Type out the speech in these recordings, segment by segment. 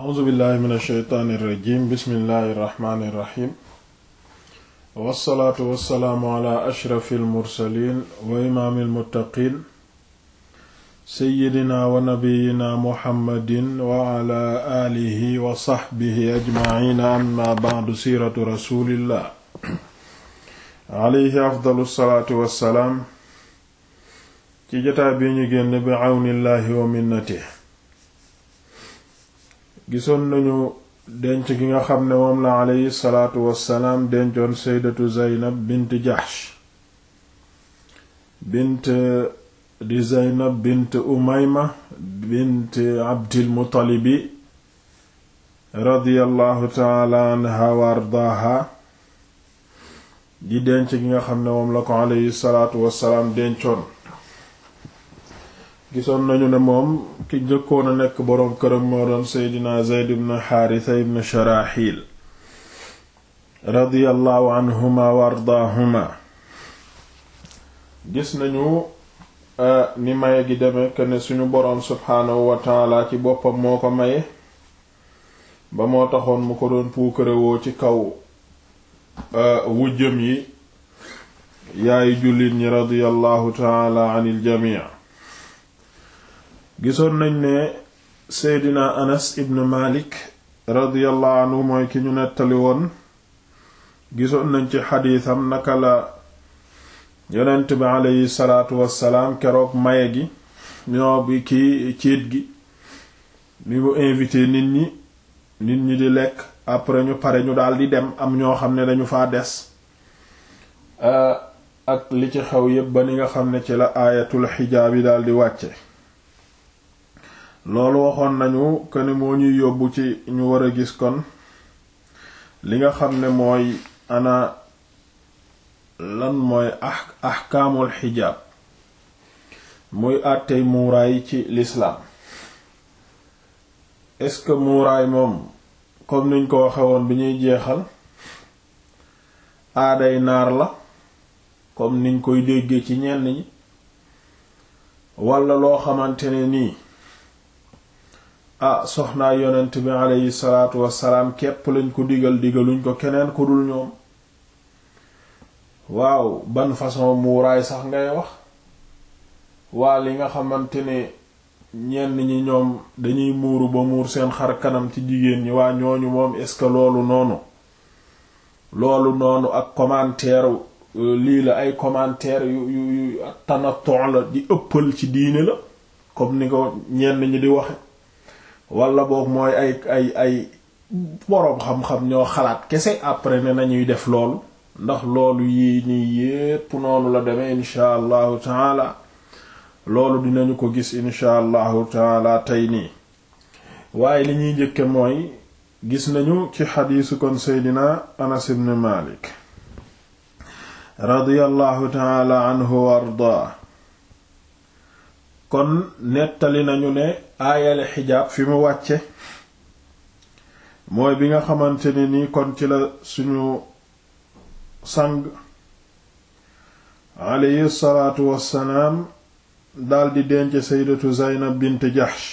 a'uuzu billahi min alsheytaani irrajim bismillahi irrahmaani irrahim wassalaatu wassalaamu ala ashrafi almursalin wa imaami almuttaqin seyidina wa nabiyina muhammadin wa ala aalihi wa saxbihi ajmaciina amma bacdu siiratu rasulillah alayhi afdalu salaatu wassalaam ci jotaay bi ñu génn bi awnillahi wa minnatihi gisoon nañu denc gi nga xam ne moom la aleyhi salaatu wassalaam dencoon saydatu zeynab bint jahsh bint di zeynab bint umayma bint abdilmuttalibi radiyallahu taala anha wa ardaaha di denc gi nga xam ne moom la ko aleyhi salaatu salaam dencoon gisoon nañu ne moom ki jëkkoon a nekk boroom këram moo doon seydina zeyd ibn xaarisa ibn sharaxil radiyallahu anhuma wa ardaahuma gis nañu ni maye gi deme que ne suñu boroom subhaanahu wa ci boppam moo ko maye ba moo taxoon mu ko doon puukarewoo ci kaw wujjam yi yaayu jullit ñi radiyallahu taala anil jamii gisoon nañ ne seydina anas ibn malik radiyallahu mooy ki ñu nettali woon gisoon nañ ci xadiisam naka la yonent bi aleyhi salaatu wassalaam keroog maye gi ñoo bi kii ciit gi bi mu invité nit ñi nit ñi di lekk après ñu pare ñu daal di dem am ñoo xam ne dañu fa des euh, ak li ci xew yépp ba ni nga xam ne ci la aayatul xijaab yi daal di wàcce loolu waxoon nañu këni moo ñuy yóbbu ci ñu war a gis kon li nga xam ne mooy ana lan mooy ah ahkaamul xijaab muy àttey muuraay ci lislaam est-ce que muuraay moom kom niñ ko waxe bi ñuy jeexal aaday naar la comme niñ koy déggee ci ñenn ñi walla loo xamante ne nii ah soxnaa yonent bi aleyhi salaatu wassalaam képp lañ ko digal digaluñ ko keneen ku dul ñoom waaw ban façon muuraay sax ngay wax waa li nga xamante ne ñenn ñi ñoom dañuy muuru ba muur seen xar kanam ci jigéen ñi waa ñooñu moom est-ce que loolu noonu loolu noonu ak commentaire euh, lii la ay commentaire yu yu yu tanatton la di ëppal ci diine la comme ni ko ñenn ñi di waxe wala boog mooy ay ay ay boroom xam-xam ñoo xalaat kese après ne nañuy def lool ndax loolu yi nii yépp noonu la demee insha allahu taala loolu dinañu ko gis insha allahu taala tey nii waaye li ñuy njëkke mooy gis nañu ci xadiisu kon seydina anas ibn malik radiyallahu taala anhu wa ardaa kon nettali nañu ne aayal xijaab fi mu wàcce mooy bi nga xamante ni nii kon ci la suñu sang alayhi salaatu wassalaam daldi denc saydatu zaynab bint jahsh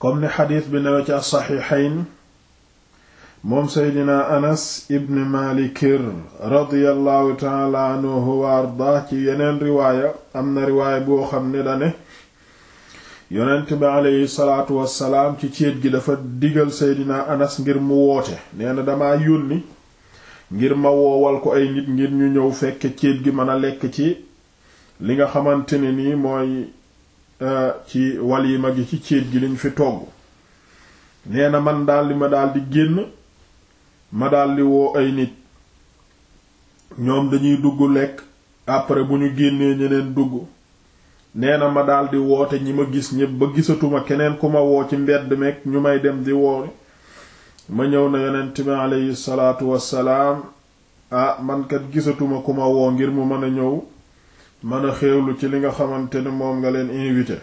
comme ni xadiis bi newe ci as moom seydina anas ibn malikir radiyallahu taala anhu wa ardaa ci yeneen riwaaya am na riwaaya boo xam ne yonent bi aleyhi salaatu wassalaam ci céet gi dafa digal seydina anas ngir mu woote nee na dama yónni ngir ma woowal ko ay nit ngir ñu ñëw fekk céet gi mën a lekk ci li nga xamante ne nii mooy euh, ci waliima gi ci céet gi liñ fi togg nee na man daldi ma daldi génn ma daldi woo ay nit ñoom dañuy dugg lekk après bu ñu génnee ñeneen dugg nee na ma daldi woote ñi ma gis ñépp ba gisatuma keneen ku ma woo ci mbedd meek ñu may dem di woori ma ñëw na yonent bi aleyhi salaatu wassalaam ah man kat gisatuma ku ma woo ngir mu mën a ñëw mën a xéewlu ci li nga xamante ne moom nga leen invité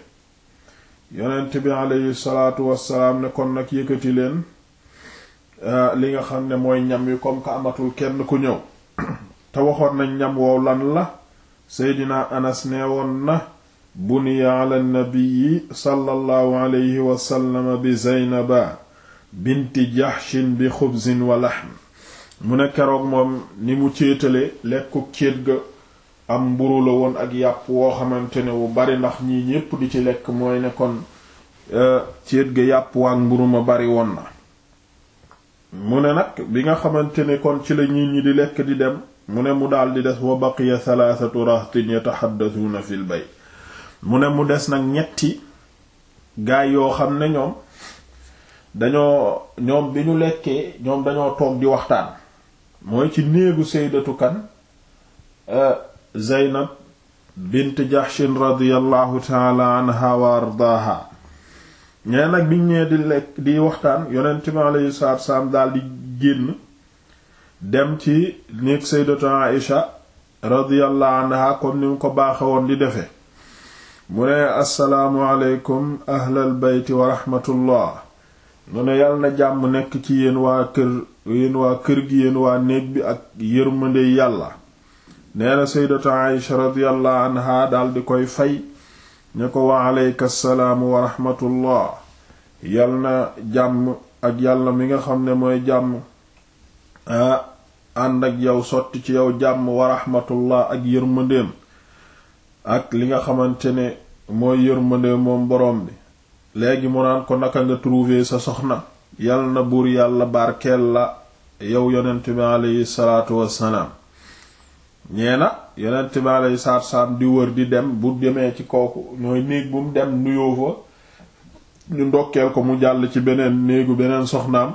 yonent bi aleyhi salaatu wassalaam ne kon nag yëkkati leen ah, li nga xam ne mooy ñam wi comme ka amatul kenn ku ñëw te waxoon nañ ñam woow lan la Seydina Anas nee woon na buni buniya ala nabiyi sallallahu alayhi wasallama bi zeynaba binti jaxshin bi xubsin wa laxm mu ne keroog moom ni mu céetale lekku céet ga am mburu la woon ak yàpp woo xamante ne wu bari ndax ñii ñépp di ci lekk mooy ne kon euh, céet ga yàpp waak mburu ma bari woon na mu ne nag bi nga xamante ne kon ci la ñit ñi di lekk di dem mu ne mu daldi des wa baqiya thalathatu rahtin yataxaddasuuna fil bay mu ne mu des nag ñetti gaay yoo xam ne ñoom dañoo ñoom bi ñu lekkee ñoom dañoo toog di waxtaan mooy ci néegu saydatu kan euh, Zaynab bint Jahshin radiyallahu taala anha wa ardaaha ñee nag biñ ñee di lekk di waxtaan yonent bi alayhi salaatu salaam daal di génn dem ci néeg saydatu Aisha radiyallahu anha comme ni mu ko baaxewoon woon di defee mu ne assalaamu aleykum ahlal beyti wa rahmatullah mu ne yal na jàmm nekk ci yéen waa kër yéen gi yéen waa néeg bi ak yërmande yàlla nee na saydatu aysha radiyallahu anha daldi koy fay ñu ko wa aleyka salaamu wa rahmatullah yal na jàmm ak yàlla mi nga xam ne mooy jàmm a ah, ànd ak yow sotti ci yow jàmm wa rahmatullah ak yërmandeem ak li nga xamante ne mooy yërmande moom boroom bi léegi mu naan ko naka nga trouver sa soxna yal na buur yàlla barkeel la yow yonent bi aleyhi salaatu wassalaam na yonent bi aleyhi salaatu wassalaam di wër di dem bu demee ci kooku ñooy néeg bu mu dem nuyoo fa ñu ndokkeel ko mu jàll ci beneen néegu beneen soxnaam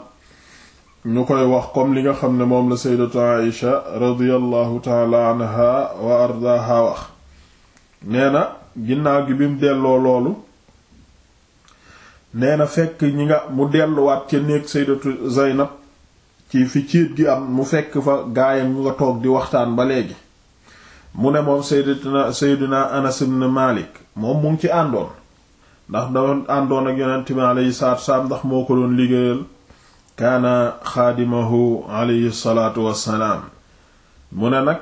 ñu koy wax comme li nga xam ne moom la sayyidatu Aïsha radiyallahu taala wa ardaha wax nee na ginnaaw gi bi mu delloo loolu nee na fekk ñi nga mu delluwaat ca néeg sayyidatu Zaynab ci fi ciit gi am mu fekk fa gaayam ñu nga toog di waxtaan ba léegi mu ne moom sayyidina sayyidina Anas ibn Malik moom mu ngi ci àndoon ndax doon àndoon ak yonent bi alayhi salaatu wasalaam ndax moo ko doon liggéeyal kaana xaadimahu alayhi salaatu wassalaam mu ne nag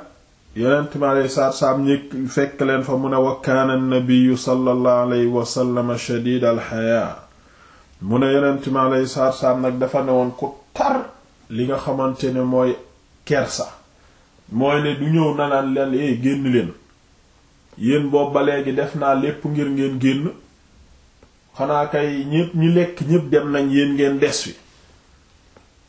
yonent bi aleyhi salaatu salaam ñi fekk leen fa mu ne wa kaana nabiyu sallallahu alayhi wa sallam shadiid alxayaa mu ne yonent bi aleyhi salaatu salaam nag dafa ne woon ku tar li nga xamante ne mooy kersa mooy ne du ñëw nanaan leen eh génn leen yéen boobu ba léegi def naa lépp ngir ngeen génn xanaa kay ñépp ñi lekk ñépp dem nañ yéen ngeen des fi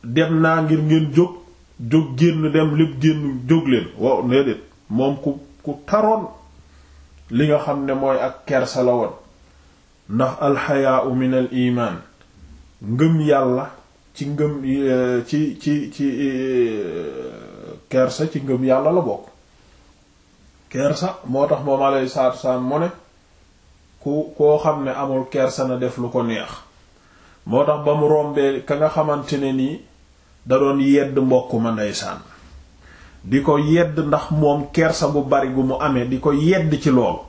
dem naa ngir ngeen jóg jóg génn dem lépp génn jóg leen waaw déedéet moom ku ku taroon li nga xam ne mooy ak kersa la woon ndax alxayaau min al ngëm yàlla ci ngëm eh, ci ci ci eh, kersa ci ngëm yàlla la bokk kersa moo tax moom alayhi salaatu wasalaam mu ne ku koo xam ne amul kersa na def lu ko neex moo tax ba mu rombee ka nga xamante ne nii da doon yedd mbokk ma ndeysaan di ko yedd ndax moom kersa bu bari gu mu amee di ko yedd ci loolu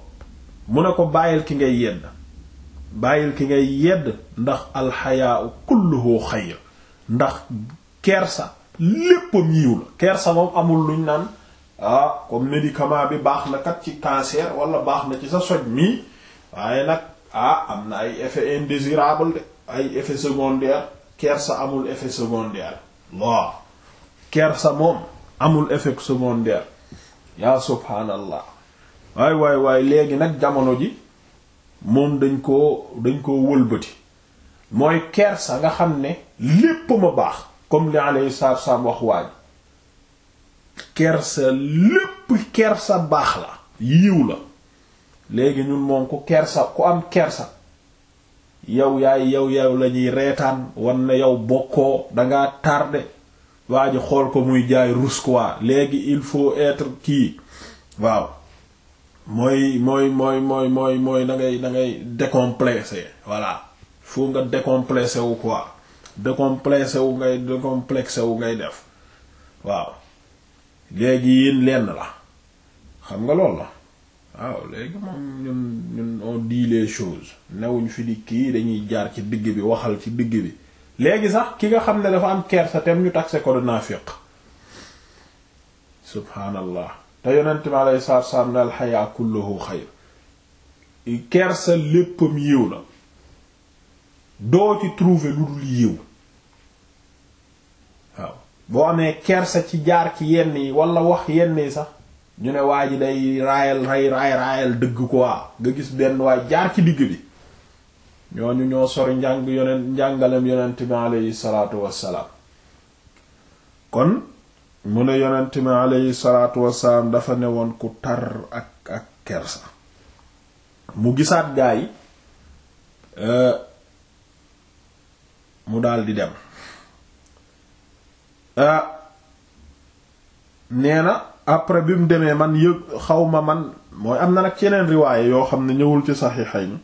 mu ne ko bàyyil ki ngay yedd bàyyil ki ngay yedd ndax alxayaa kulluhu xayr ndax kersa léppam yiw la kersa moom amul lu luñ naan ah comme médicament bi baax na kat ci cancer wala baax na ci sa soj mii waaye nag ah am na ay effets indésirables de ay effets secondaires kersa amul effet secondaire Allah kersa moom amul effet secondaire yaa subhaanallah waay waay waay léegi nag jamono ji moom dañ koo dañ koo wëlbati mooy kersa nga xam ne lépp ma baax comme li alayhi salaatu wassalaam wax waaj kersa lépp kersa baax la yiw la léegi ñun moom ku kersa ku am kersa yow yaay yow yow la ñuy reetaan wan na yow bokkoo dangaa tardé waa ji xool ko muy jaay rus quoi léegi il faut être kii waaw mooy mooy mooy mooy mooy mooy da ngay da ngay voilà faut nga décomplexé wu quoi décomplexé wu ngay décomplexé wu ngay def waaw léegi yéen lenn la xam nga loolu la waaw léegi moom ñun ñun on dit les newuñ fi dikk yi dañuy jaar ci digg bi waxal ci digg bi léegi sax ki nga xam ne dafa am kersa tem ñu taxé ko de naafiq subhaanallah te yonent bi alayhi salaatu wassalaam ne alxayaa kulluhu xayr kersa léppam yiw la doo ci trouver lu dul yiw waaw boo amee kersa ci jaar ci yenn yi wala wax yenn yi sax ñu ne waa ji day raayal ray raay raayal dëgg ko waa nga gis benn waay jaar ci digg bi ñooñu ñoo sori njàng yonent njàngalem yonent bi aleyhi salaatu wassalaam kon mu ne yonent bi aleyhi salaatu wassalaam dafa ne woon ku tar ak ak kersa mu gisaat gaa yi euh, mu daldi dem euh, nee na après bi mu demee man yëg xaw ma man mooy am na nag ci yeneen riwaaye yoo xam ne ñëwul ci saxiixayni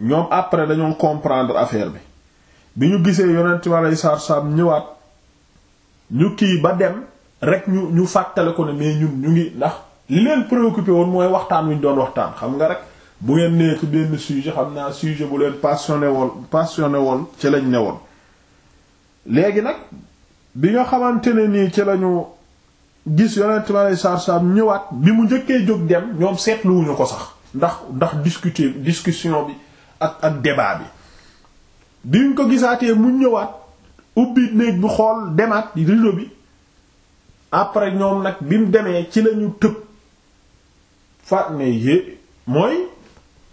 ñoom après dañoo comprendre affaire bi bi ñu gisee yonent mi aleyhi salaatu ñëwaat ñu kii ba dem rek ñu ñu fàttale ko ne mais ñun ñu ngi ndax li leen préoccupé woon mooy waxtaan wi ñu doon waxtaan xam nga rek bu ngeen nekk benn sujet xam naa sujet bu leen passionné woon passionné woon ci lañ ne woon léegi nag bi nga xamante nii ci lañu gis yonent ma lay sarsam ñëwaat bi mu njëkkee jóg dem ñoom seetluwuñu ko sax ndax ndax discuter discussion bi ak ak débat bi biñ ko gisaatee mu ñëwaat ubbi néeg bu xool demaat rido bi après ñoom nag bi mu demee ci lañu tëb faat ne yé mooy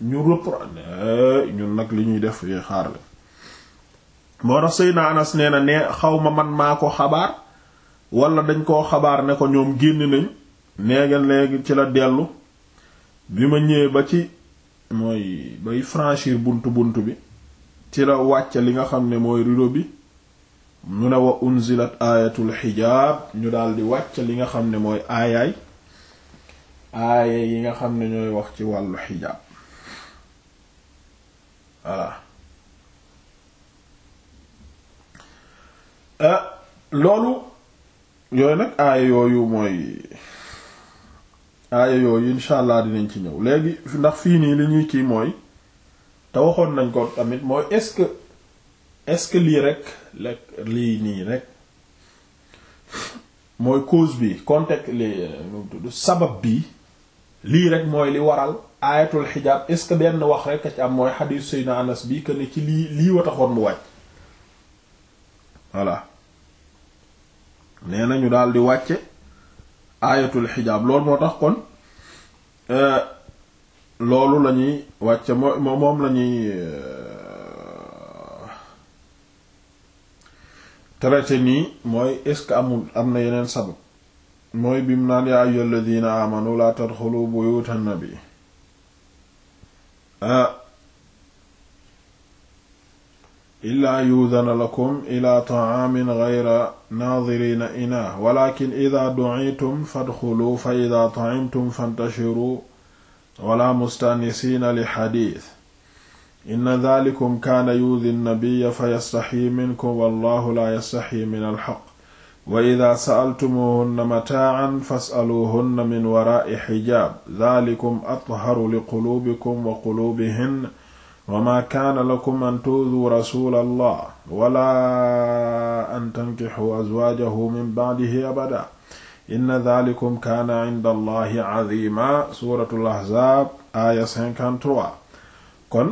ñu reprendre ñun nag li ñuy def xaar la moo tax Seydina Anas nee na ne xaw ma man maa ko xabaar wala dañ koo xabaar ne ko ñoom génn nañ neegeen léegi ci la dellu bi ma ñëwee ba ci mooy bay franchir buntu buntu bi ci la wàcce li nga xam ne mooy rido bi mu ne wa unzilat ñu daldi wàcc li nga xam ne mooy aayaay aaya yi nga xam ne ñooy wax ci wàllu xijaab voilà euh, loolu yooyu nag aaya yooyu mooy aaya yooyu incha allah dinañ ci ñëw léegi ndax fii nii li ñuy kii mooy te waxoon nañ ko tamit mooy est-ce que est-ce lii rek lii nii rek mooy cause bi contexte li tudd sabab bi lii rek mooy li waral aayatul xijaab est-ce que benn wax rek a ci am mooy xadiis Seydina Anas bi que ne ci lii lii wa taxoon mu wàcc voilà nee nañu daal di wàcce aayatul xijaab loolu moo tax kon euh, loolu lañuy ñuy wàcce moom moom la ñuy euh, traité nii mooy est-ce que amul am na yeneen sabab mooy bi mu naan yaa ayyuhal ladina amanu la tadxulu buyutan nabi ah euh, illaa yuudana lakum ila taamin gayra naadirina inaa walakin ida ducitum fadxulu fa ida taimtum fantashiru wala mustanisiina li xadiis inna dalikum kaana yuudi nnabiya fa yastaxyi minkum wallahu laa yastaxyi min alxaq wa ida sa'altumuhunna mataacan fas'aluuhunna min waraai xijaab dalikum atharu liquluubikum wa quluubihin wa ma kaana lakum an tuuduu rasula allah wala an tankixuu azwaajahu min bacdihi abada inna dalikum kaana cinda allahi cadima suratul ahzaab aaya 53 kon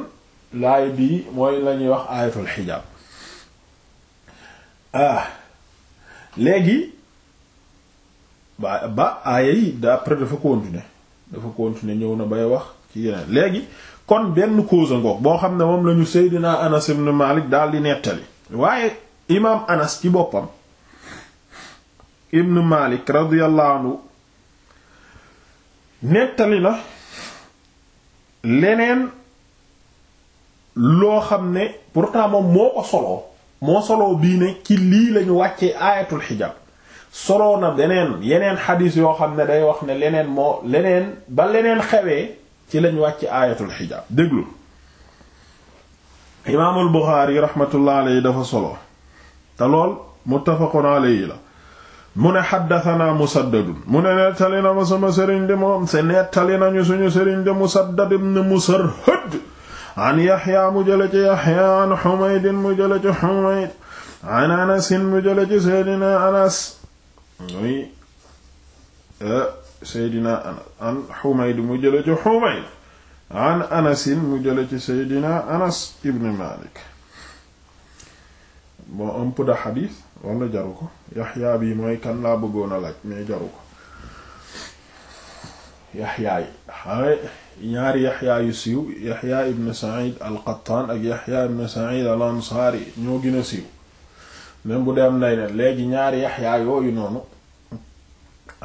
laay bi mooy lañuy wax aayatul xijaab ah léegi ba ba aaya yi wax ci kon benn cause ngoog boo xam ne moom lañu Seydina Anas ibn Malik daal di nettali waaye imaam Anas ci boppam ibn Malik radiyallahu anhu nettali na leneen loo xam ne pourtant moom moo ko soloo moo soloo bii ne ci lii lañu wàccee aayatul xijaab solo na beneen yeneen xadiis yoo xam ne day wax ne leneen moo leneen ba leneen xewee ci lañ wàcc aayatul xijaab déglu imaamul buxaari raxmatullah aleyhi dafa solo te lool muttafaqun aleyhi la mu ne xaddatanaa musaddadun mu ne nettali na ma sama sëriñ de moom se nettali nañu suñu sëriñ de musaddad ibn musarhad an yaxya mu jële ci yaxya an xumaydin mu jële ci xumayd an anasin mu jële ci seydina anas eh, seydina anas an xumayd mu jële ci xumayd mu jële ci seydina anas ibn malik bon un xadiis wala jaru yaxyaa bi mooy kan laa bëggoon a laaj mais jaru ko yaxyaa yi ñaari yaxyaa yu siiw yaxyaa ibn said al qattaan ak yaxyaa ibn said al ansaari ñoo gën a siiw même bu dem nay ne léegi ñaari yaxyaa yooyu noonu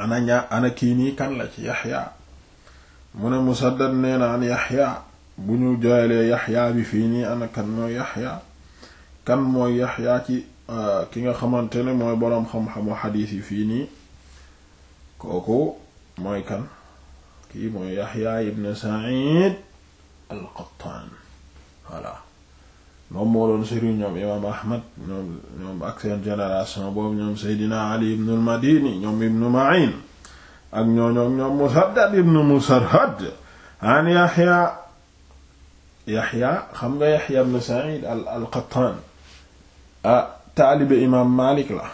ana ñaa ana kii nii kan la ci yaxya mu ne musaddad nee na yaxya bu ñu jooyalee yaxya bi fii nii ana kan mooy yaxya kan mooy yaxya ci euh, ki nga xamante ne mooy boroom xam-xamu xadiis yi fii nii kooku mooy kan kii mooy yaxya ibn sa'id al-qattan voilà moom moo doon sëriñ ñoom imaam ahmad ñoom boobu ñoom seydina ali ibnu al-madini ñoom ibnu ma'in ak ñooñoom ñoom musaddad ibnu musarhad an yaxya yaxya xam nga yaxya ibnu sa'id al al-qattan ah taalibe imaam la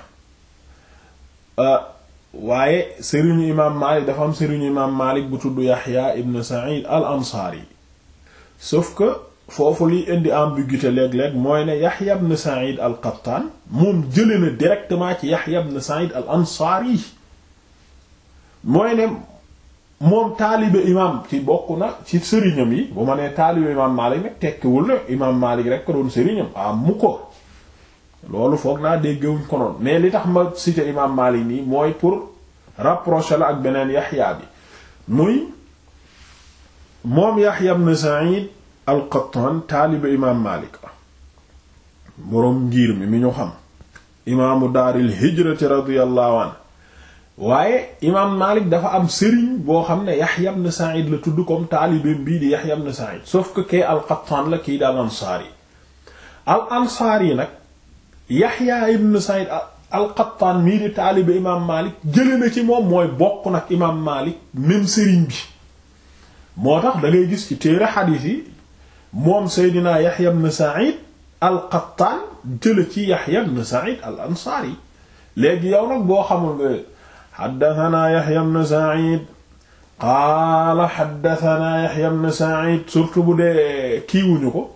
ah, waaye sëriñu imaam malik dafa am sëriñu imaam bu tudd yaxya ibnu sa'id al ansaari sauf foofu liy indi ambiguïté léeg-léeg mooy ne Yahya ibn Sa'id al-Qattan moom jëlee na directement ci Yahya ibn Sa'id al-Ansari mooy ne moom taalibe imam ci bokk na ci sëriñam yi bu ma nee taalibe imam Malik nag tekkiwul ne imam Malik rek ko doon sëriñam ah mu ko loolu foog naa déggewuñ ko noonu mais li tax ma cité imam Malik nii mooy pour rapprocher la ak beneen Yahya bi muy moom Yahya ibn Sa'id al-Qattan taaliba imaam Maalik boroom ngir mi mi ñu xam imaamu daaril hijrati radiyallahu an waaye imaam Maalik dafa am sëriñ boo xam ne Yahya ibn Sa'id la tudd comme taalibeem bii di Yahya ibn Sa'id sauf que kay al-Qattan la kii daal ansaar yi al ansaar yi nag Yahya ibn Sa'id al-Qattan mii di taalibe imaam Maalik jële na ci moom mooy bokk nag imaam Maalik même sëriñ bi moo tax da gis ci téere xadiis yi moom Seydina Yahya ibn Sa'id al-Qattan jële ci Yahya ibn Sa'id al-Ansari léegi yow nag boo xamul nga haddathana Yahya ibn Sa'id qaala haddathana Yahya ibn Sa'id surtout bu dee kiiwuñu ko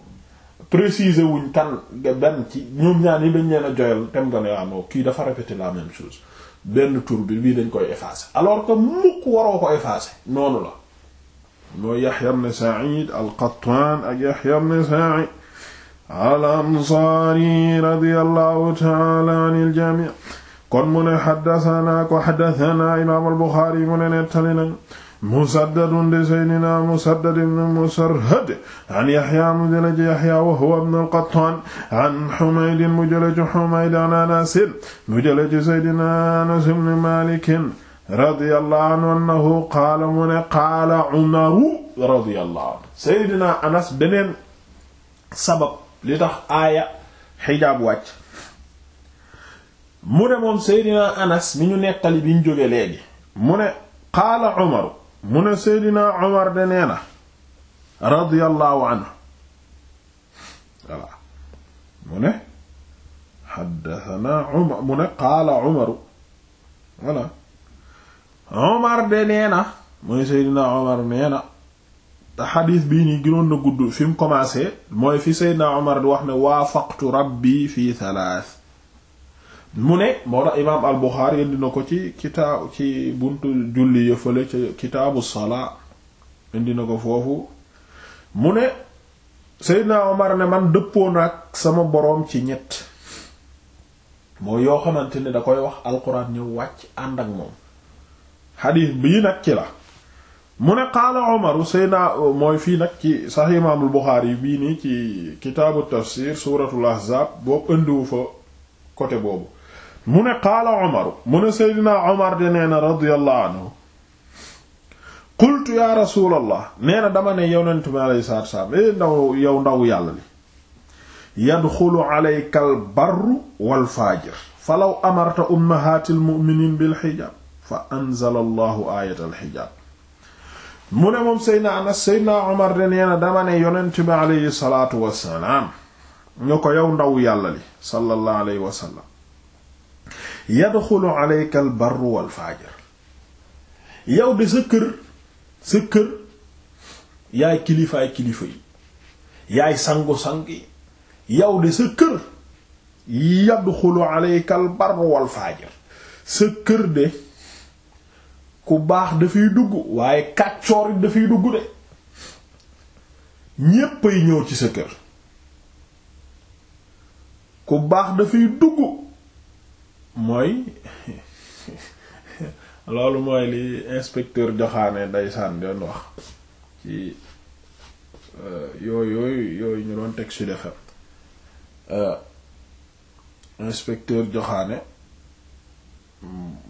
préciser wuñ kan benn ci ñoom ñaan yi dañ leen a joyal tem nga ne ah kii dafa répéter la même chose benn tur bi bii dañ koy effacer alors que mukk waroo ko effacer noonu la mooy Yahya ibn Sa'id al-Qattan ak Yahya ibn Sa'id al-Ansari radiyallahu ta'ala anil jami' kon mu ne xaddasanaa ko xaddasanaa imaam al-Buxaari mu ne nettali nañ Musaddadun di Seydina Musaddad ibn Musarhad an Yahya mu jële ci Yahya wa huwa ibn al-Qattaan an Humayd mu jële ci Humayd an Anas mu jële ci Seydina Anas ibn Maalik radiyallahu anhu annahu qaala mu ne qaala umaru radiyallahu anhu seydina anas beneen sabab li tax aaya xijaab wàcc mu ne moom seydina anas mi ñu nettali bi ñu jóge léegi mu ne qaala umaru mu ne seydina umar de nee na radiyallahu anhu voilà mu ne xaddasanaa umar mu ne qaala umaru voilà Omar de nee na mooy Seydina Omar nee na te xadiis bii nii gënoon na gudd fi mu commencé mooy fi Seydina Omar di wax ne waafaqtu rabbi fii thalath mu ne moo tax imaam al Buxaari indi ko ci kitaab ci buntu julli yëfale ci kitaabu salaa indi ko foofu mu ne Seydina Omar ne man dëppoon ak sama boroom ci ñett mooy yoo xamante ne da koy wax alxuraan ñëw wàcc ànd ak moom xadiis bii nag ci la mu ne qaala Umar Seyna mooy fii nag ci sax imaamul Buxaari bii nii ci kitaabu tafsir suuratul ahzaab boobu ëndiwu fa côté boobu mu ne qaala Umar mu ne Seydina Umar de nee na anhu qultu ya rasulallah nee na dama ne yonent mi alayhi salaatu salaam eh ndaw yow ndaw yàlla li yadxulu alayka al barru wal faajir falaw amarta ummahaatil mu'miniin bil hijaab fa anzala allahu aayatal xijaab mu ne moom seydna anas seydna omar de nee na dama ne yonent bi aleyhi salaatu wassalaam nga ko yow ndaw yàlla li sallallahu alayhi wa sallam yadxulu aleyka al barru wal fajir yow de sa kër sa kër yaay kilifaay kilifa yi yaay sangu-sang yi yow de sa kër yadxulu aleyka al barru wal fajir sa kër de ku baax dafay dugg waaye kàccoor it dafay dugg de ñéppay ñëw ci sa kër ku baax dafay dugg mooy loolu mooy li inspecteur joxaane ndeysaan doon wax ci euh, yooyu yooyu ñu doon teg su defem euh, inspecteur joxaane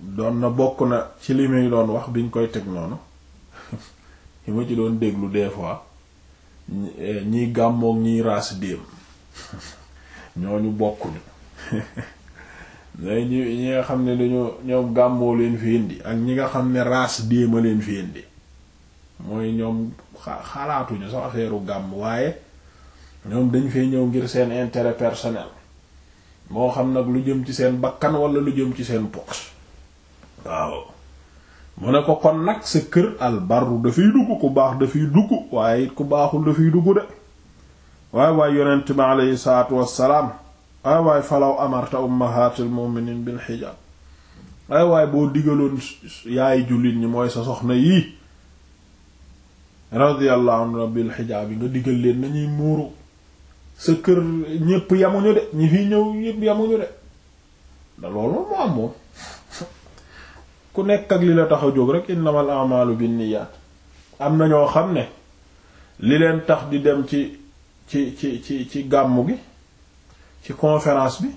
doon na bokk na ci li muy doon wax biñ koy teg noonu yi ma ci doon déglu des fois ñiy eh, gàmmoog ñiy raas déem ñooñu bokkuñu ñi ñi nga xam ne dañoo ñoom gàmmoo leen fi indi ak ñi nga xam ne raas déem a leen fi indi mooy ñoom xalaatuñu sax affaire gàmm waaye ñoom dañ fee ñëw ngir seen intérêt personnel moo xam nag lu jëm ci seen bakkan wala lu jëm ci seen poche waaw mu ne ko kon nag sa kër albarru dafay dugg ku baax dafay dugg waaye it ku baaxul dafay dugg de waaye waaye yonent bi aleyhi salaatu wassalaam waaye waaye falaw amarta ummahatul mu'minin bil hijab waaye waaye boo digaloon yaay jullit ñi mooy sa soxna yii radiyallahu anhu bil hijab yi nga digal leen nañuy muuru sa kër ñépp yamuñu de ñi fi ñëw ñépp yamuñu de da loolu moo am moom ku nekk ak li la tax a jóg rek innamal a'malu binniyat am na ñoo xam ne li leen tax di dem ci ci ci ci ci gàmmu gi ci conférence bi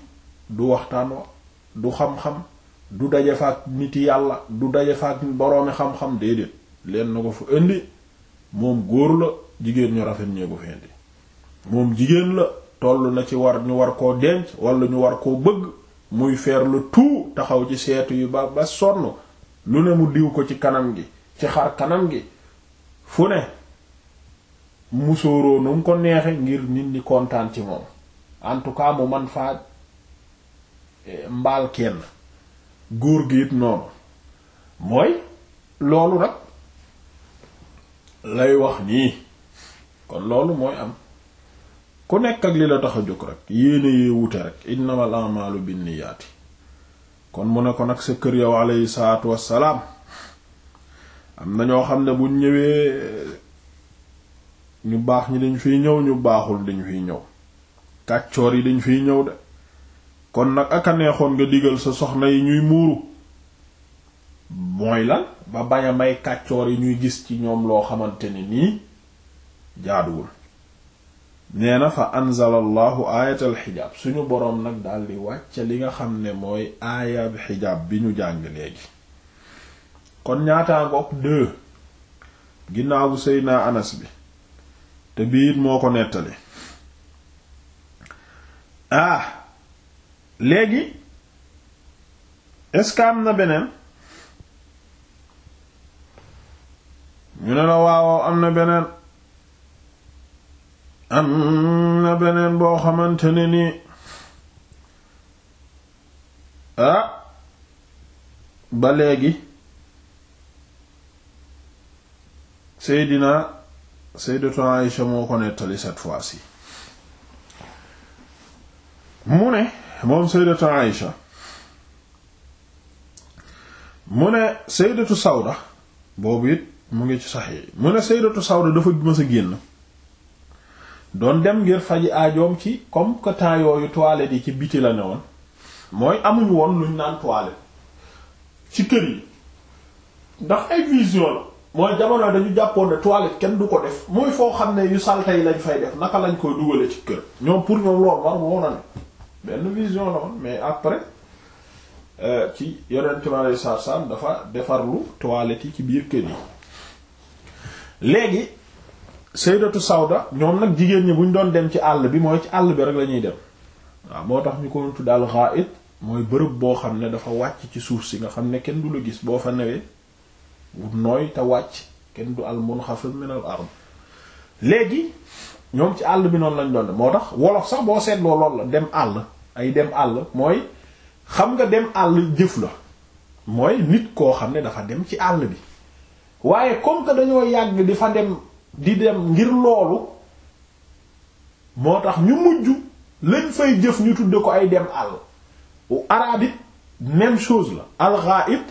du waxtaan wa du xam-xam du daje fa ak nit yàlla du daje fa ak boroomi xam-xam déedéet leen na ko fu indi moom góor la jigéen ñu rafet ñee ko fi indi moom jigéen la tollu na ci war ñu war koo denc wala ñu war koo bëgg muy feer le tout taxaw ci seetu yu ba ba sonn lu ne mu diw ko ci kanam gi ci xar kanam gi fu ne musóoroo nu ko neexe ngir nit ñi kontaan ci moom en tout cas mu man faa eh, mbaal kenn góor gi it noonu mooy loolu nag lay wax nii kon loolu mooy am ku nekk ak li la tax a jóg rek yéene yee wute rek innamal a'malu binniyaati kon mu ne ko nag sa kër yow alayhi salaatu wassalaam am na ñoo xam ne buñ ñëwee ñu baax ñi dañ fiy ñëw ñu baaxul dañ fiy ñëw kàccoor yi dañ fiy ñëw de kon nag aka neexoon nga digal sa soxna yi ñuy muuru mooy la ba bañ a may kàccoor yi ñuy gis ci ñoom loo xamante ne nii jaaduwul nee na fa anzala aayatal xijaab suñu boroom nag daldi wàcce li nga xam ne mooy aayab xijaab bi ñu jàng léegi kon ñaataa ngoog deux ginnaaw bu seydna anas bi te biir moo ko nettali ah léegi est na beneen ñu ne la waaw am na beneen am na beneen boo xamante ne ni ah ba léegi Seydina Sayyidatu Aïsha moo ko nettali cette fois-ci mu ne moom Sayyidatu Aïsha mu ne Sayyidatu Sawda boobu it mu ngi ci sax yi mu ne Sayyidatu Sawda dafa mës génn doon dem ngir faji aajoom ci comme que temps yooyu toilette yi ci biti la ne woon mooy amuñ woon luñ naan toilette ci kër yi ndax ay vision la mooy jamono dañu jàppoon ne toilette kenn du ko def mooy foo xam ne yu salte yi lañ fay def naka lañ koy dugale ci kër ñoom pour ñoom loolu war woon na ne benn vision la mais après euh, ci yonent ma lay sarsaan dafa defar lu toilette yi ci biir kër yi léegi sayyidatu Sawda ñoom nag jigéen ñi bu ñu doon dem ci àll bi mooy ci àll bi rek la ñuy dem waaw moo tax ñu ko tudd al gha'it mooy bërëb boo xam ne dafa wàcc ci suuf si nga xam ne kenn du la gis boo fa newee bu te wàcc kenn du al munxafid min al léegi ñoom ci àll bi noonu lañ doon moo tax wolof sax boo seetloo lool la dem àll ay dem àll mooy xam nga dem àll jëf la mooy nit koo xam ne dafa dem ci àll bi waaye comme que dañoo yàgg di fa dem. di dem ngir loolu moo tax ñu mujj lañ fay jëf ñu tudde ko ay dem àll u araab it même chose la al ghaib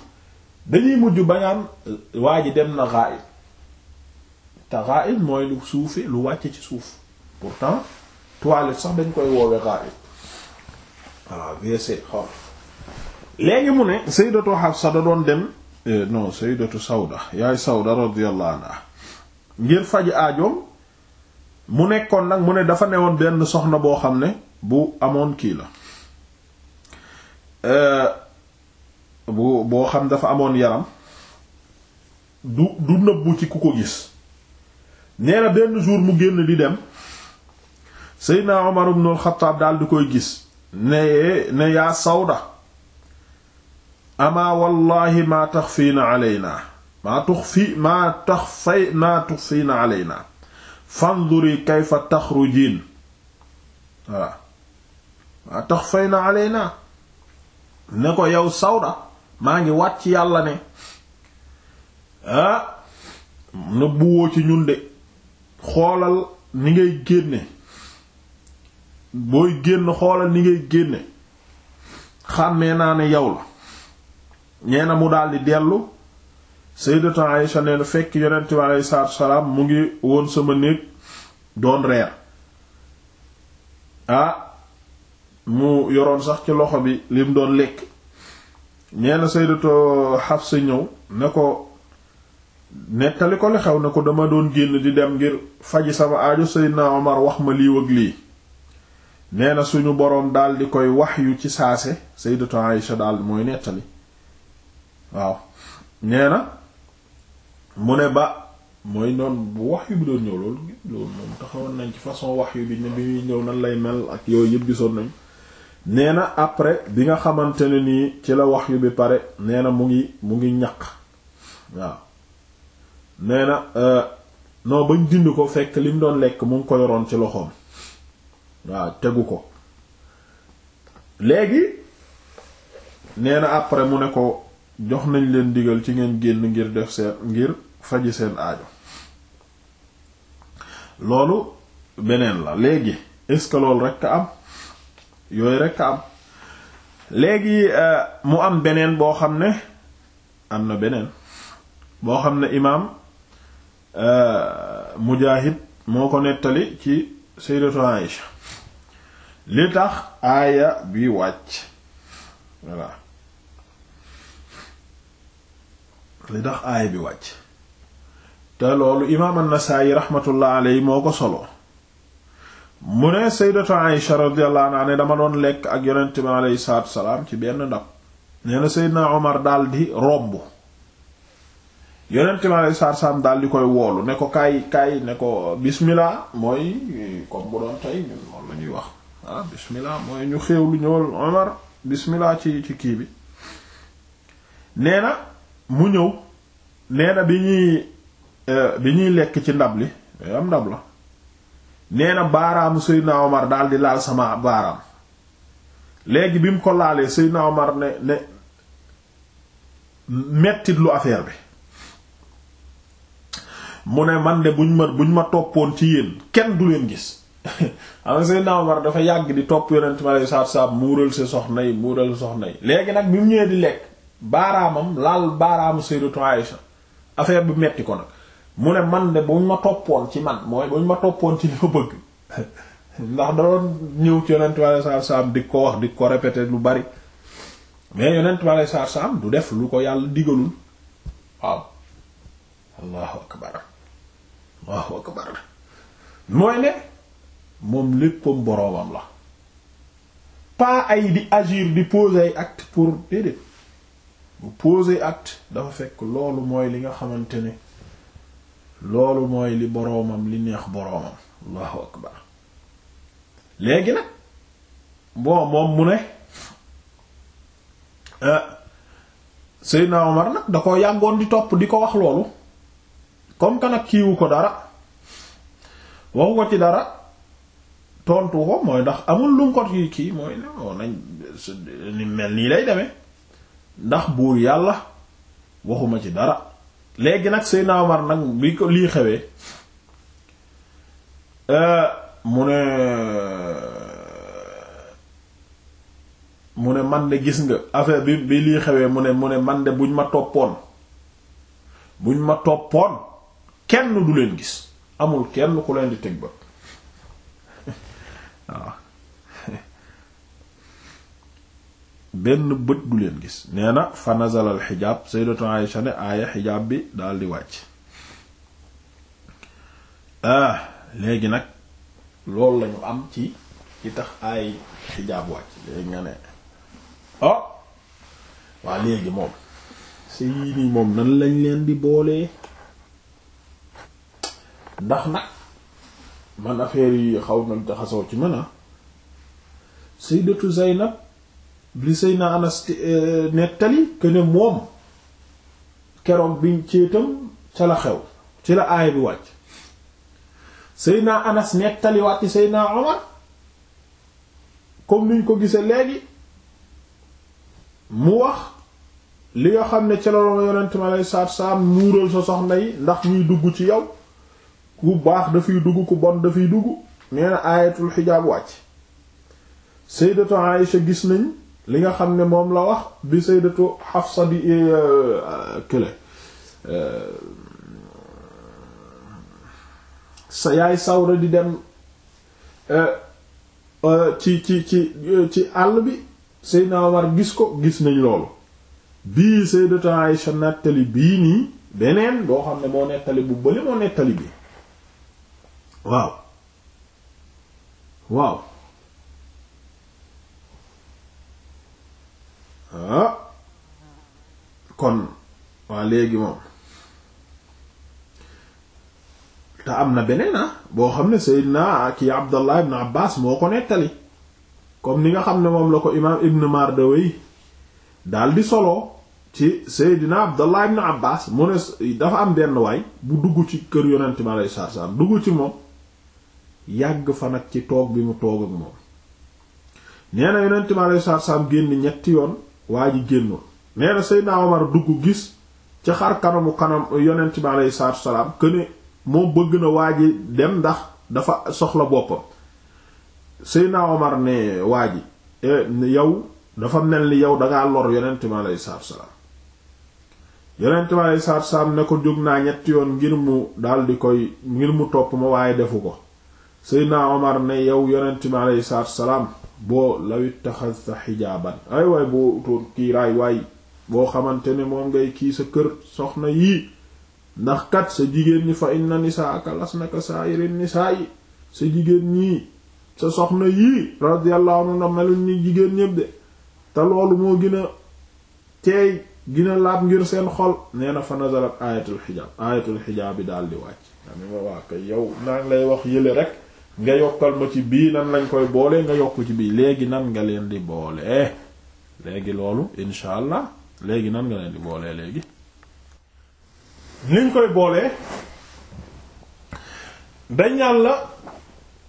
dañuy mujj bañaan euh, waa ji dem na ghaib te ghaib mooy lu suufe lu wàcce ci suuf pourtant toilette sax dañ koy woowe ghaib waaw WC xaw léegi mu ne sayyidatu Hafsa da doon dem euh, non sayyidatu Sawda yaay Sawda radiyallahu anha ngir faj aajoom mu nekkoon nag mu ne dafa newoon benn soxna boo xam ne bu amoon kii la euh, bu boo xam dafa amoon yaram du du nëbbu ci ku ko gis nee benn jour mu génn di dem Seydina Omar ibn al di koy gis ne yaa Sawda ama wallahi ma tax fii na aleyna maa tux fi maa tax fay naa tux fii na aleyna fanzuri kayfa taxrujiin voilà maa tax fay na aleyna ne ko yow sawda maa ngi wàcc yàlla ne ah nëbbuwoo ci ñun de xoolal ni ngay génne booy génn xoolal ni ngay génne xàmmee naa ne yow la na mu daldi dellu sayyidatu Aïsha neen fekk yonent bi aleyhi salaatu wasalaam mu ngi woon sama néeg doon reer ah mu yoroon sax ci loxo bi li doon lekk nee na sayyidatu Hafsa ñëw ne ko nettali ko li xew ne ko dama doon génn di dem ngir faji sama aajo Seydina Omar wax ma lii wëg lii nee na suñu boroom daal di koy wax yu ci saase sayyidatu Aïsha daal mooy nettali waaw nee mu ne ba mooy noonu bu wahyu bi doon ñëw loolu loolu moom taxawoon nañ ci façon wahyu bi ne bi ñëw nan lay mel ak yooyu yëpp gisoon nañ nee na après bi nga xamante ne nii ci la wax yu bi pare nee na mu ngi mu ngi ñaq waaw nee na euh, non bañ dind ko fekk li mu doon lekk mu ngi ko yoroon ci loxoom waaw tegu ko léegi nee na après mu ne ko jox nañ leen digal ci ngeen génn ngir def seen ngir faji seen aajo loolu beneen la léegi est-ce que loolu rekk a am yooyu rekk am léegi euh, mu am beneen boo xam ne am na beneen boo xam ne imaam euh, Mujaahid moo ko nettali ci Sayyidatu Aïsha li tax aaya bi wàcc li tax aaya bi wàcc te loolu imaam an-Nasaa'i raxmatullah alayhi moo ko solo mu ne sayyidatu Aysha radiyallahu anha ne dama doon lekk ak yonent bi alayhi salaatu salaam ci benn ndab nee na sayyidna Omar daldi romb yonent bi alayhi salaatu salaam daldi koy woolu ne ko kaay kaay ne ko bismillah mooy comme bu doon tey ñun moom la wax ah mooy ñu xéewlu ñëwal Omar bismillah ci ci kii bi nee mu ñëw nee bi ñuy euh, bi ñuy lekk ci ndab li am ndab la nee na baaraamu Seydina Omar daal di laal sama baaraam léegi bi mu ko laalee Seydina Omar ne ne mettit lu affaire bi mu ne man de bu ñu ma buñ ma toppoon ci yéen kenn du leen gis xam nga Seydina Omar dafa yàgg di topp yonent mi aleyhi salaatu salaam muural sa soxna yi muural soxna yi léegi nag bi mu ñëwee di lekk baaraamam laal baaraamu Sayyidatu Aïsha affaire bi metti ko nag mu ne man de buñ ma toppoon ci man mooy buñ ma toppoon ci li ma bëgg ndax da ñëw ci yonent bi alayhi salaam di ko wax di ko répéter lu bari mais yonent bi alayhi salaam du def lu ko yàlla digalul waaw allahu akbar allahu akbar mooy ne moom léppam boroomam la pas ay di agir di poser ay acte pour déedéet bu poser acte dafa fekk loolu mooy li nga xamante ne loolu mooy li boroomam li neex boroomam allahu akbar léegi nag bon moom mu ne euh, Seydina Omar nag da ko yàggoon di topp di ko wax loolu comme que nag kiiwu ko dara waxu ko ci dara tontu ko mooy ndax amul lu ko kii kii mooy ne oh, nañ ni mel nii lay demee ndax buur yàlla waxuma ci dara léegi nag Seydina Omar nag bi ko lii xewee euh, mu ne mu ne man de gis nga affaire bi bi lii xewee mu ne mu man de buñ ma toppoon buñ ma toppoon kenn du leen gis amul kenn ku leen di teg ba waaw benn bët du leen gis nee na fa nazala al xijaab sayyidatu Aïsha ne aaya xijaab bi daal di wàcc ah léegi nag loolu lañu am ci ci tax aay xijaab wàcc léegi nga ne oh waa léegi moom si yii nii moom nan lañ leen di boolee ndax nag man affaire yi xaw na jaxasoo ci mën a ah. sayyidatu Zaynab li sëy na anas eh, nettali que ne moom keroog biñ céetam ca la xew ci la aaya bi wàcc sëy na anas nettali waat sëy na omar comme niñ ko gisee léegi mu wax li nga xam ne ci la doon yonent mi alayhi salaatu salaam sa soxna yi ndax ñuy dugg ci yow ku baax dafay dugg ku bon dafay dugg nee na aayatul xijaab wàcc sayyidatu Aïsha gis nañ li nga xam ne moom la wax bi sayyidatu Hafsa di euh, kële euh, sa yaay Sawra di dem euh, ci ci ci ci àll bi Seydina Omar gis ko gis nañ loolu bii sayyidatu Aïsha nettali bii nii beneen boo xam ne moo nettali bu bële moo nettali bi waaw waaw Ah. kon waa léegi moom te am na beneen ah boo xam ne Seydina kii Abdallah ibn Abbas moo ko nettali comme ni nga xam ne moom la ko imaam Ibn Mardawayh daal di solo ci Seydina Abdallah ibn Abbas mu ne dafa am benn waay bu dugg ci kër yonent ma lay sar dugg ci moom yàgg fa nag ci toog bi mu toog ak moom nee na yonent ma lay sar génn ñetti yoon. waa ji génnul nee na Seydina Omar dugg gis ci xar kanamu kanam yonent bi aleyhi salaatu wasalaam këne moom bëgg na waa ji dem ndax dafa soxla boppam Seydina Omar ne waa ji e, yow dafa mel ni yow danga lor yonent bi aleyhi salaatu wasalaam yonent bi aleyhi ne ko jóg naa ñetti yoon ngir mu daldi koy ngir mu topp ma waaye defu ko seydna omar ne yow yonent bi salaam boo lawit taxasta xijaaban ay waay boo utoon kiiraay waay boo xamante ne moom ngay kii sa kër soxna yii ndax kat sa jigéen ñi fa inna nisaaka lasnaka saa'iri nisaa sa jigéen ñii sa soxna yii radiyallahu anhu na melul ni jigéen ñépp de te loolu moo gën a teey gën laab ngir seen xol nee na fa nazalat ayatul xijaab ayatul xijaab bi daal di wàcc. naa ngi lay wax yële rek. nga yokkal ma ci bii nan lañ koy boole nga yokku ci bii léegi nan nga leen di boole léegi loolu incha allah léegi nan nga leen di boole léegi niñ koy boole dañ yàlla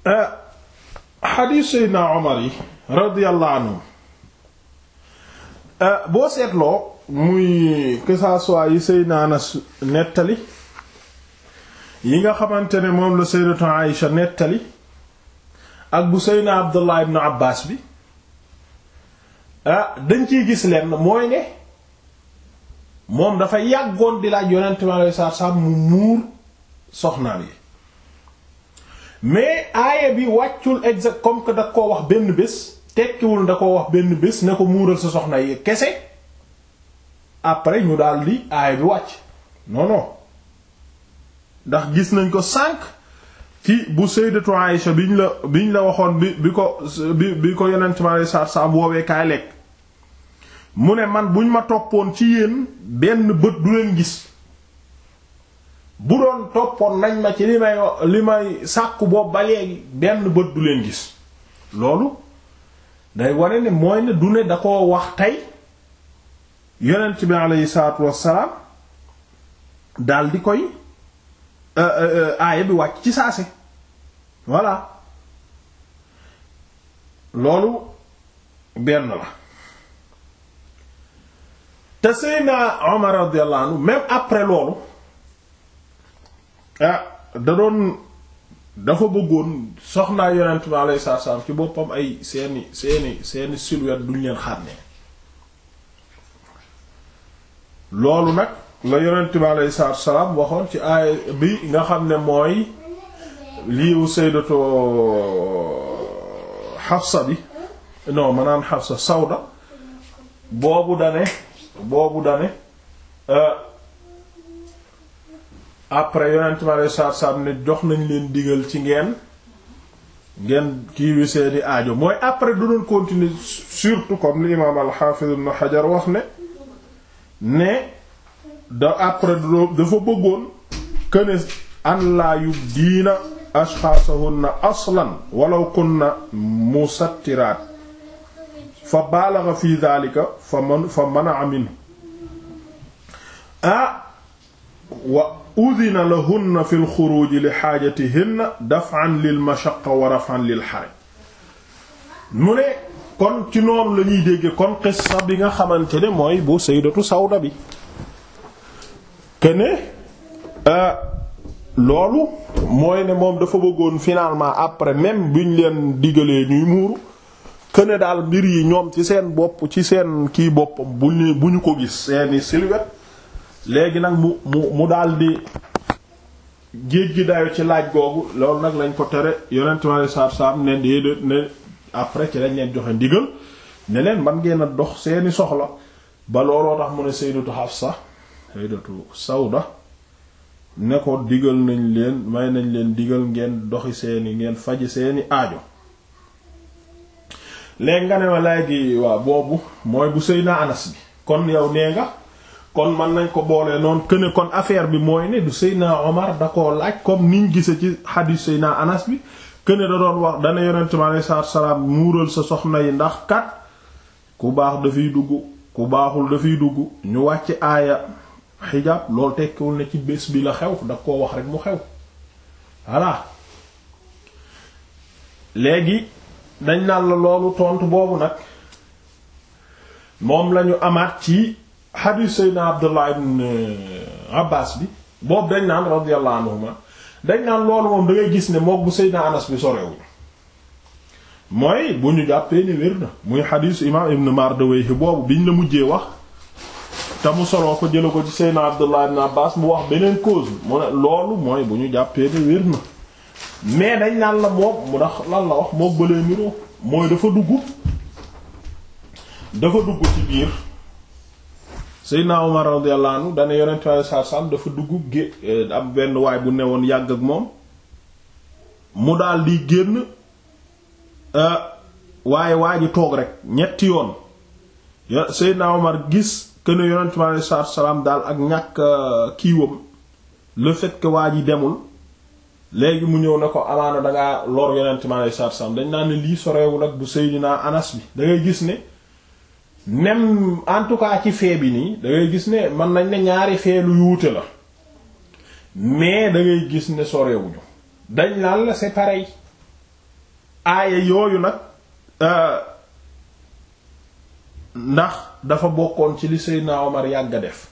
la xadiis eh, Seydina Omar yi radiyallahu anhu eh, boo seetloo muy que ça soit yi Seydina Anas nettali yi nga xamante ne moom la Sayyidatu Aïsha nettali ak bu naa abdullah ibnu abbas bi ah dañ ciy gis leen mooy ne moom dafa yàggoon di laaj yonent mi alayhi salaatu salaam mu muur soxnaam yi mais aaya bi wàccul exact comme que da koo wax benn bés tekkiwul da koo wax benn bés ne ko muural sa soxna yi kese après ñu daal di aaya bi wàcc non ndax gis nañ ko sànk ki bu sayyidatu Aïsha biñ la biñ la waxoon bi bi ko bi bi ko yeneen mi ma salaatu salaam woowee kaay lekk mu ne man buñ ma toppoon ci yéen benn bët du leen gis bu doon toppoon nañ ma ci li may li may sàkku boobu ba léegi benn bët du leen gis loolu day wane ne mooy ne du ne da koo wax tey yeneen bi alayhi salaatu wassalaam dal di koy euh, euh, euh, aaya bi wàcc ci saase voilà loolu benn la te Seydina Omar radiyallahu anhu même après loolu ah da doon dafa bëggoon soxnaa yonent bi alayhi salaatu salaam ci boppam ay seeni seeni seeni silhouette duñ leen xàmmee loolu nag la yonent bi alayhi waxoon ci aaya bi nga xam ne mooy liiwu sayyidatu Xafsa uh, bi non manaan Xafsa Sawda boobu dane boobu dane uh, après yonent mi alei saatu salaam jox nañ leen digal ci ngeen ngeen kii wi seeni aajo mooy après du doon continuer surtout comme l'imam al-Hafiz Ibn Hajar wax ne ne da après du dafa bëggoon këne an laa yub diina ashxaasahunna aslan walaw kunna musattiraat fa baalaxa fi daalika fa man fa mana'a minhu ah fi lxuruji li xaajatihinna daf'an mu ne kon ci noonu la ñuy dégge bi nga xamante ne mooy bu saydatu sawda bi kene euh, loolu mooy ne moom dafa bëggoon finalement après même biñ leen digalee ñuy muuru këne daal mbir yi ñoom ci seen bopp ci seen kii boppam bu ñu bu ñu ko gis seeni silhouette léegi nag mu mu mu daal di géej gi dayo ci laaj googu loolu nag lañ ko tere yonent male saab-saab ne déedéet ne après ci lañ leen joxe ndigal ne leen man ngeen a dox seeni soxla ba looloo tax mu ne Sayyidatu Hafsa Sayyidatu Sawda ne ko digal nañ leen may nañ leen digal ngeen doxi seeni ngeen faji seeni aajo léegi nga ne ma léegi waa boobu mooy bu Seydina Anas bi kon yow nee nga kon mën nañ ko boolee noonu këne kon affaire bi mooy ne du Seydina Omar da koo laaj comme niñ gise ci xadiis Seydina Anas bi këne da doon wax dana yonent mi alayhi salaatu muural sa soxna yi ndax kat ku baax dafay dugg ku baaxul dafay dugg ñu wàcc aaya xijaab lool tekkiwul ne ci bis bi la xew da koo wax rek mu xew voilà léegi dañ naan la loolu tontu boobu nag moom lañu amaat ci xadiis Seydina Abdullah ibn Abbas bi boobu dañ naan radiyallahu anhuma dañ naan loolu moom dangay gis ne mook bu Seydina Anas bi sorewul mooy bu ñu jàppee ni wér na muy xadiis imaam Ibn Mardawayhi boobu biñ la mujjee wax te soloo ko jëla ko ci Seydina Abdullah ibn Abbas mu wax beneen cause mu ne loolu mooy bu ñu jàppee ne wér na mais dañ naan la moom mu ndax lan la wax moom bëlee niroo mooy dafa dugg dafa dugg ci biir Seydina Umar radiyallahu anhu dane dafa dugg gé eh, benn waay bu newoon yàgg ak moom mu di génn eh, waaye waa toog rek ñetti yoon Seydina Umar gis kën a yonent mi aleyhi salaatu wa salaam daal ak ñàkk euh, kiiwam le fait que waa ji demul léegi mu ñëw ne ko amaana dangaa lor yonent mi aleyhi salaatu wa salaam dañ naan ne lii sorewul nag bu Seydina Anas bi da ngay gis ne même en tout cas ci fee bi nii dangay gis ne man nañ ne ñaari fee lu wuute la mais dangay gis ne sorewuñu dañ naan la c'est pareil aaya yooyu nag euh, ndax dafa bokkoon ci li Seydina Omar yàgg def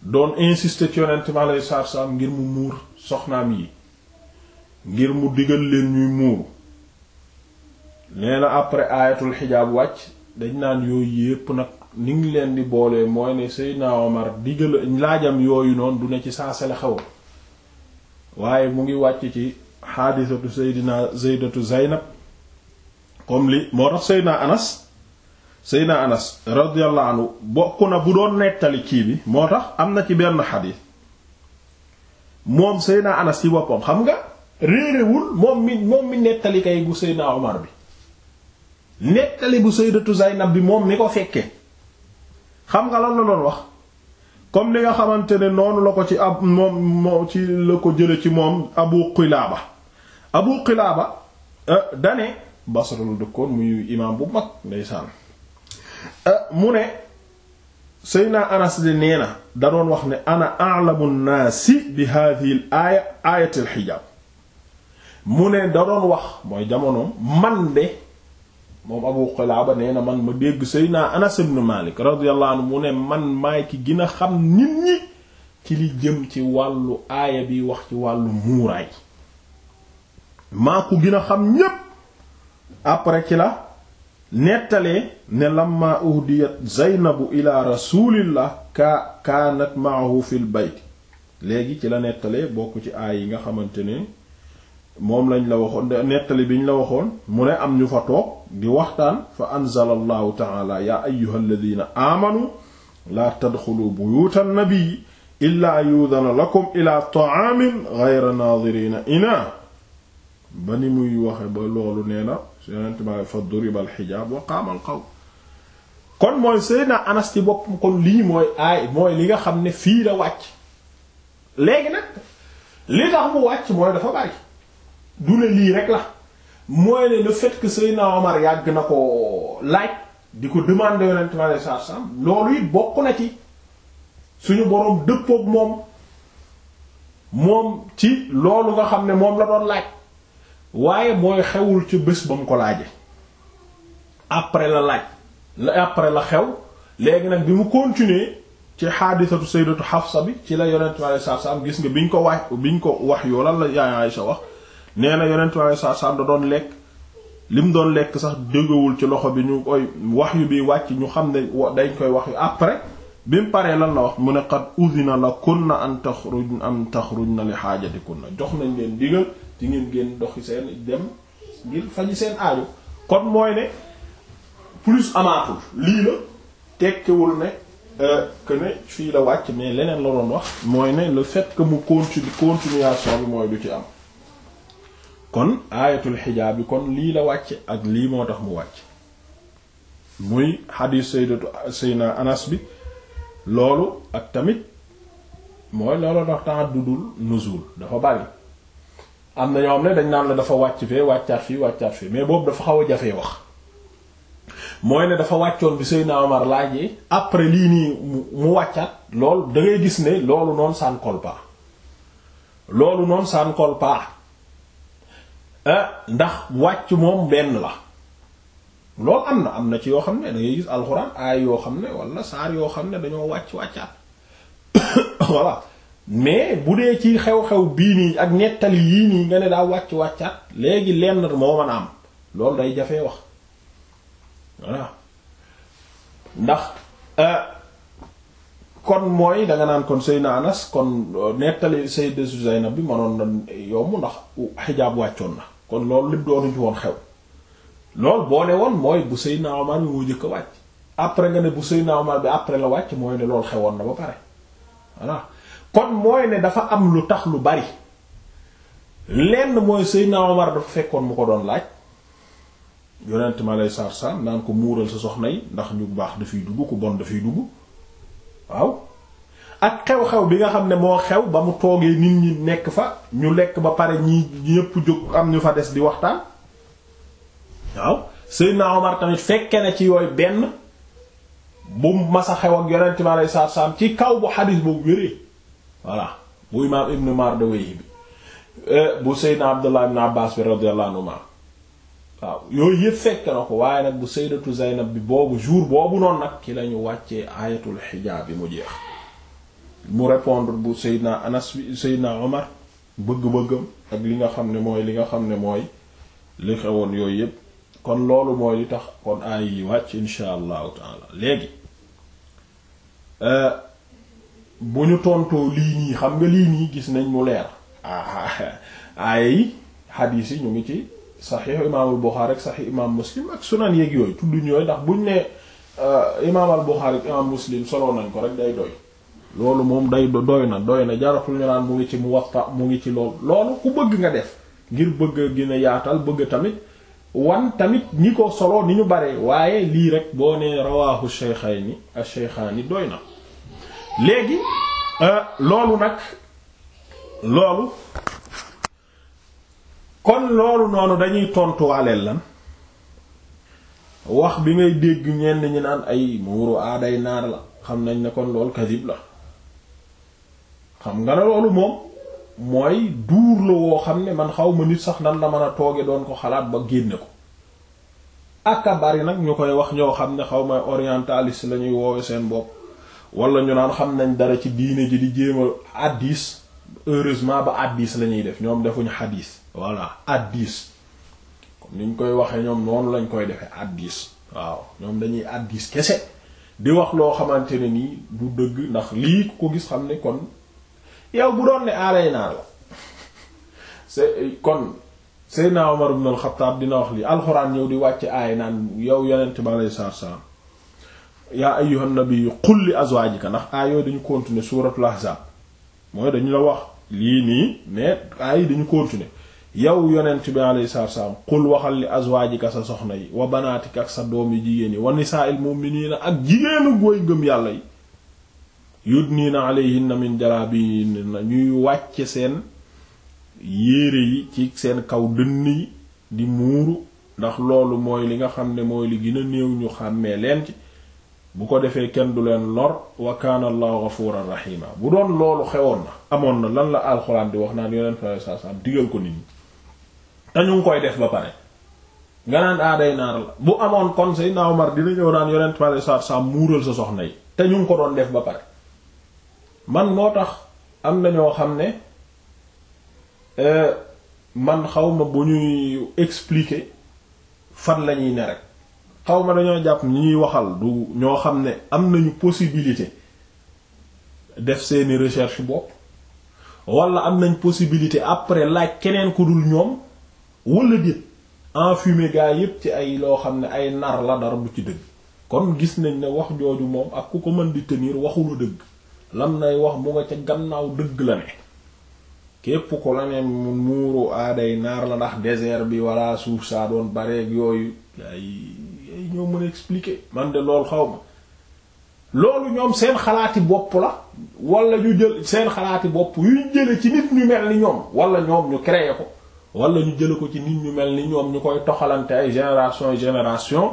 doon insister ci yonent mi alayhi salaatu ngir mu muur soxnaam yi ngir mu digal leen ñuy muuru nee na après aayatul xijaab wàcc dañ naan yooyu yépp nag ni ngi leen di boolee mooy ne Seydina Omar digal laajam yooyu noonu du ne ci saa sele xew waaye mu ngi wàcc ci xaadisatu Seydina Zaydatu Zaynab comme li moo tax Seydina Anas Seydina Anas radiyallahu bokk na bu doon nettali kii bi moo tax am na ci benn xadiis moom Seydina Anas ci boppam xam nga réerewul moom mi moom mi nettali kay bu Seydina Omar bi nettali bu Sayyidatu Zaynab bi moom mi ko fekke xam nga lan la doon wax comme ni nga xamante ne noonu la ko ci ab moom moo ci la ko jële ci moom Abu Qilaaba Abu Qilaaba eh, dane Basra la dëkkoon muy imaam bu mag ndeysaan Euh, mu ne Seydina Anas di nee na da doon wax ne ana a'lamu nnaasi bi hadhihi l aaya aayati mu ne da doon wax mooy jamonoom man de moom Abu Qilaaba nee man ma dégg Seydina Anas ibn Malik radiyallahu anhu mu ne man maay ki gina xam nit ñi ci li jëm ci wàllu aaya bi wax ci wàllu muuraay maa ko gën xam ñépp après ci la nettalee ne lamma uhdiyat zaynabu ila rasulillah ka kaanat maahu fil bayt léegi ci la nettalee bokk ci aay yi nga xamante ne moom lañ la waxoon nettali biñ la waxoon mu ne am ñu fa toog di waxtaan fa anzala allahu taala yaa ayyuha alladina aamanu laa tadxulu buyuta annabii illaa ila taamin geyra naadirina ina ba ni muy waxe ba loolu nee na senentma fa duriba alxijaab wa qaama alqawm kon mooy Seydina Anas ci boppam ko lii mooy aay mooy li nga xam ne fii la wàcc léegi nag li tax mu wàcc mooy dafa bari du ne lii rek la mooy ne le fait que Seydina Omar yàgg na ko laaj di ko demander yonent ma sa sam loolu it bokk na ci suñu boroom dëppook moom moom ci loolu nga xam ne moom la doon laaj waaye mooy xewul ci bés ba mu ko laaje après la laaj la après la xew léegi nag bi mu continuer ci xaadisatu sayyidatu Xafsa bi ci la yonent bi sa salaam gis nga bi biñ ko wax biñ ko wax yoo lan la yaay Aysa wax nee na yonent bi alayhi salaam da doon lekk li mu doon lekk sax dëggawul ci loxo bi ñu koy wax yu bi wàcc ñu xam ne dañ koy wax yu après bi mu paree lan la wax mu ne xat qad udina la kunna an am an taxruj na li xaajati kunna jox nañ leen digal ci ngeen génn doxi seen dem ngir faji seen plus amaatul lii la tekkiwul ne euh, que ne fii la wàcc mais leneen la doon wax mooy ne le fait mu continue continuation bi mooy du ci am kon aayatul xijaab bi kon lii la wàcce ak lii moo tax mu wàcc muy xadiis sayyidatu sayna anas bi loolu ak tamit mooy loolu tax ta'addudul nuzul dafa bari am na ñoo xam ne dañ naan la dafa wàcc fee wàccaat fii wàccaat fii mais boobu dafa xaw a jafee wax mooy ne dafa wàccoon bi Seydina Omar laajee après lii nii mu wàccaat lool da ngay gis ne loolu noonu ça ne loolu noonu ça ne colle ah, ndax wàcc moom benn la lool am na am na ci yoo xam ne da ngay gis alxuraan aay yoo xam ne wala saar yoo xam ne dañoo wàcc wàccaat voilà mais bu dee ci xew-xew bii nii ak nettali yii nii nga ne daa wàcc wàccaat léegi lenn moo mën a am loolu day jafee wax. voilà ndax euh, kon mooy danga naan kon Seydina Anas kon euh, nettali Sayyida Zaynab bi mënoon na yomb ndax xijaab wàccoon na kon loolu lépp doonu ci woon xew loolu boo ne woon mooy bu sëy Omar bi moo jëkk wàcc après nga ne bu Seydina Omar bi après la wàcc mooy ne loolu xewoon na ba pare voilà kon mooy ne dafa am lu tax lu bari lenn mooy Seydina Omar dafa fekkoon mu ko doon laaj yonent ma lay saar saam naan ko muural sa soxna yi ndax ñu baax dafay dugg ku bon dafay dugg waaw ak xew-xew bi nga xam ne moo xew ba mu toogee nit ñi nekk fa ñu lekk ba pare ñi ñépp jóg am ñu fa des di waxtaan waaw Seydina Omar tamit fekke na ci yooyu benn bu masa xew ak yonent ma lay saar ci kaw bu xadiis boobu wéree voilà bu imaam Ibn Mardawayhi bi eh, bu Seydina Abdullah ibn Abbas bi radiyallahu anhu waaw yooyu yëpp fekk na ko waaye nag bu sayyidatu Zaynab bi boobu jour boobu noonu nag ki lañu wàccee ayatul xijaab bi mu jeex mu répondre bu sayyidna Anas bi sayyidna Omar bëgg-bëggam ak li nga xam ne mooy li nga xam ne mooy li xewoon yooyu yëpp kon loolu mooy li tax kon aay yi wàcc insha allahu taala léegi euh, bu ñu tontoo lii nii xam nga lii nii gis nañ mu leer ah, aaya yi xadiis yi ñu ngi ci saxiix imaamul Buxaari ak saxiix imaam Muslim ak sunan yeeg yooyu tudduñ yooyu ndax buñ ne euh, imaamal Buxaari ak imaam Muslim soloo nañ ko rek day doy loolu moom day doy na doy na jaratul ñu naan mu ngi ci Muwatta mu ngi ci loolu loolu ku bëgg nga def ngir bëgg gën yaatal bëgg tamit wan tamit ñi ko soloo ni ñu bare waaye lii rek boo nee rawaahu sheykhayni ash-sheykhaani doy na léegi euh, loolu nag loolu kon loolu noonu dañuy tontuwaaleel lan wax bi ngay dégg ñenn ñi naan ay muuru aaday naar la xam nañ ne kon lool kadib la xam nga ne loolu moom mooy duur la woo xam ne man xaw ma nit sax nan la mën a tooge doon ko xalaat ba génne ko aka bari nag ñu koy wax ñoo xam ne xaw ma orientaliste la ñuy woowe seen bopp wala ñu naan xam nañ dara ci diine ji di jéem a addis heureusement ba addis la ñuy def ñoom defuñu xadis voilà addis comme niñ koy waxee ñoom noonu lañ koy defee addis waaw ñoom dañuy addis kese di wax loo xamante ne nii du dëgg ndax lii ko gis xam ne kon yow bu doon ne aalay naa la c'est kon Seydina Omar ibn al-Khattab dina wax lii alxuraan ñëw di wàcc aay naan yow yonent bi alayhi salaatu salaam yaa ayyuhan nabiyyu qul li azwaajika ndax aay yooyu dañu continuer suuratul mooy dañu la wax lii nii mais aay yi dañu continuer yow yonent bi alayhi salaatu wassalaam qul waxal li azwaajika sa soxna yi wa banaatika ak sa doom yu jigéen yi wa nisaa'il mu'miniina ak jigéenu gooy gëm yàlla yi yudniina alayhinna min jalaabiibinna ñuy wàcce seen yére yi ci seen kaw dënn yi di muuru ndax loolu mooy li nga xam ne mooy li gën néew ñu xàmmee leen ci bu ko defee kenn du leen lor wa kaana allahu ghafuuran rahiima bu doon loolu xewoon na amoon na lan la alxuraan di wax naan yonent bi alayhi salaatu te ñu ngi koy def ba pare nga naan aaday naar la bu amoon kon Seydina Omar dina ñëw naan yonent pare sa sa muural sa soxna yi te ñu ngi ko doon def ba pare man moo tax am na ñoo xam ne euh, man xawma bu ñuy expliquer fan lañuy ne rek xawma dañoo jàpp ni ñuy waxal du ñoo xam ne am nañu possibilité def seeni recherche bopp wala am nañ possibilité après laaj keneen ku dul ñoom wala déet enfumé gaa yépp ci ay loo xam ne ay nar la dara bu ci dëgg kon gis nañ ne wax jooju moom ak ku ko mën di tenir waxula dëgg lam nay wax mu nga ca gannaaw dëgg la ne képp ko la ne muuru aaday naar la ndax désert bi wala suuf saa doon bareeg yooyu ay ay ñoo mën a man de loolu xaw ma loolu ñoom seen xalaati bopp la wala ñu jël seen xalaati bopp yuñ jële ci nit ñu mel ni ñoom wala ñoom ñu créer ko wala ñu jële ko ci nit ñu mel ni ñoom ñu koy toxalante ay génération génération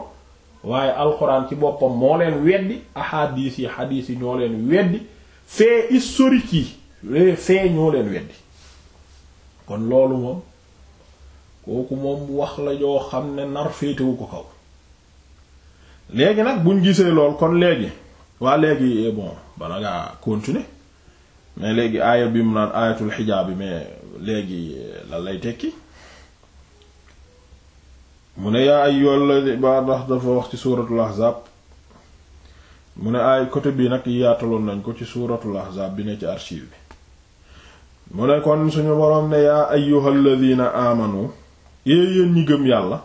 waaye alxuraan ci boppam moo leen weddi ahadis yi hadis yi ñoo leen weddi fait historique yi les faits ñoo leen weddi kon loolu moom kooku moom wax la ñoo xam ne nar féetewu ko kaw léegi nag buñ gisee lool kon léegi waa léegi eh bon bala ngaa continuer mais léegi aaya bi mu naan aayatul xijaab bi mais léegi euh, la lay tekki mu ne yaa ayyuhal la ba ndax dafa wax ci suuratul ahzaab mu ne ay côté bii nag yaataloon nañ ko ci suuratul ahzaab bi ne ci archive bi mu ne kon suñu boroom ne yaa ayyuhal ladina amanu yéen ñi gëm yàlla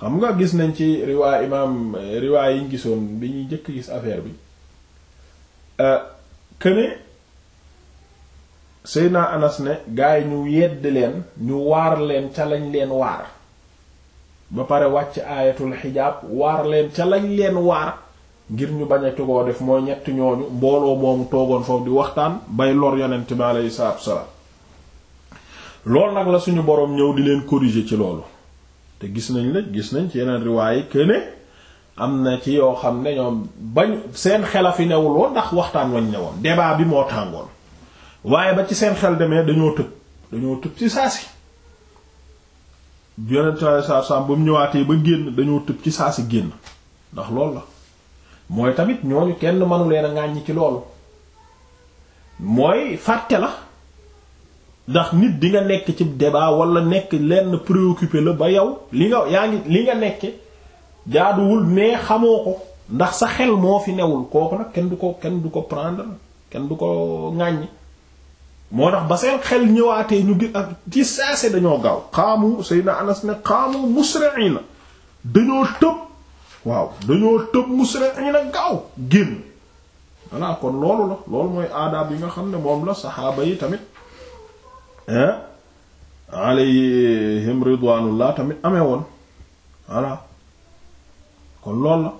xam nga gis nañ ci riwaay imaam riwaay yi gisoon bi ñuy jëkk gis affaire bi këne euh, naa Anas ne gaa yi ñu yedd leen ñu waar leen ca lañ leen waar ba pare wàcc aayatul xijaab waar leen ca lañ leen waar ngir ñu bañ a tugoo def mooy ñett ñooñu mbooloo moomu toogoon foofu di waxtaan bay lor yonent bi aleyhi salaatu wasalaam loolu nag la suñu boroom ñëw di leen corriger ci loolu te gis nañ la gis nañ ci yeneen riwaaye këne am na ci yoo xam ne ñoom bañ seen xela fi newul woon ndax waxtaan wañ ne woon débat bi moo tàngoon waaye ba ci seen xel demee dañoo tëb dañoo tëb ci saasi yonent alayhi salaam ba ñëwaatee ba génn dañoo tëb ci si génn ndax loolu la mooy tamit ñooñu kenn mënu leen a ŋàññi ci loolu mooy fàtte la ndax nit di nga nekk ci débat walla nekk lenn préoccupé la ba yow li nga yaa ngi li nga nekke jaaduwul mais xamoo ko ndax sa xel moo fi newul kooku nag kenn du ko kenn du ko prendre kenn du ko ŋàññi moo tax ba seen xel ñëwaatee ñu gis ak ci saase dañoo gaaw xaamu Seydina Anas ne xaamu musri'ina dañoo tëb waaw dañoo tëb musri'ina gaaw génn voilà kon loolu mooy aadaab yi nga xam ne moom la saxaaba yi tamit alayhim ridwaanullah tamit amee woon voilà kon loolu la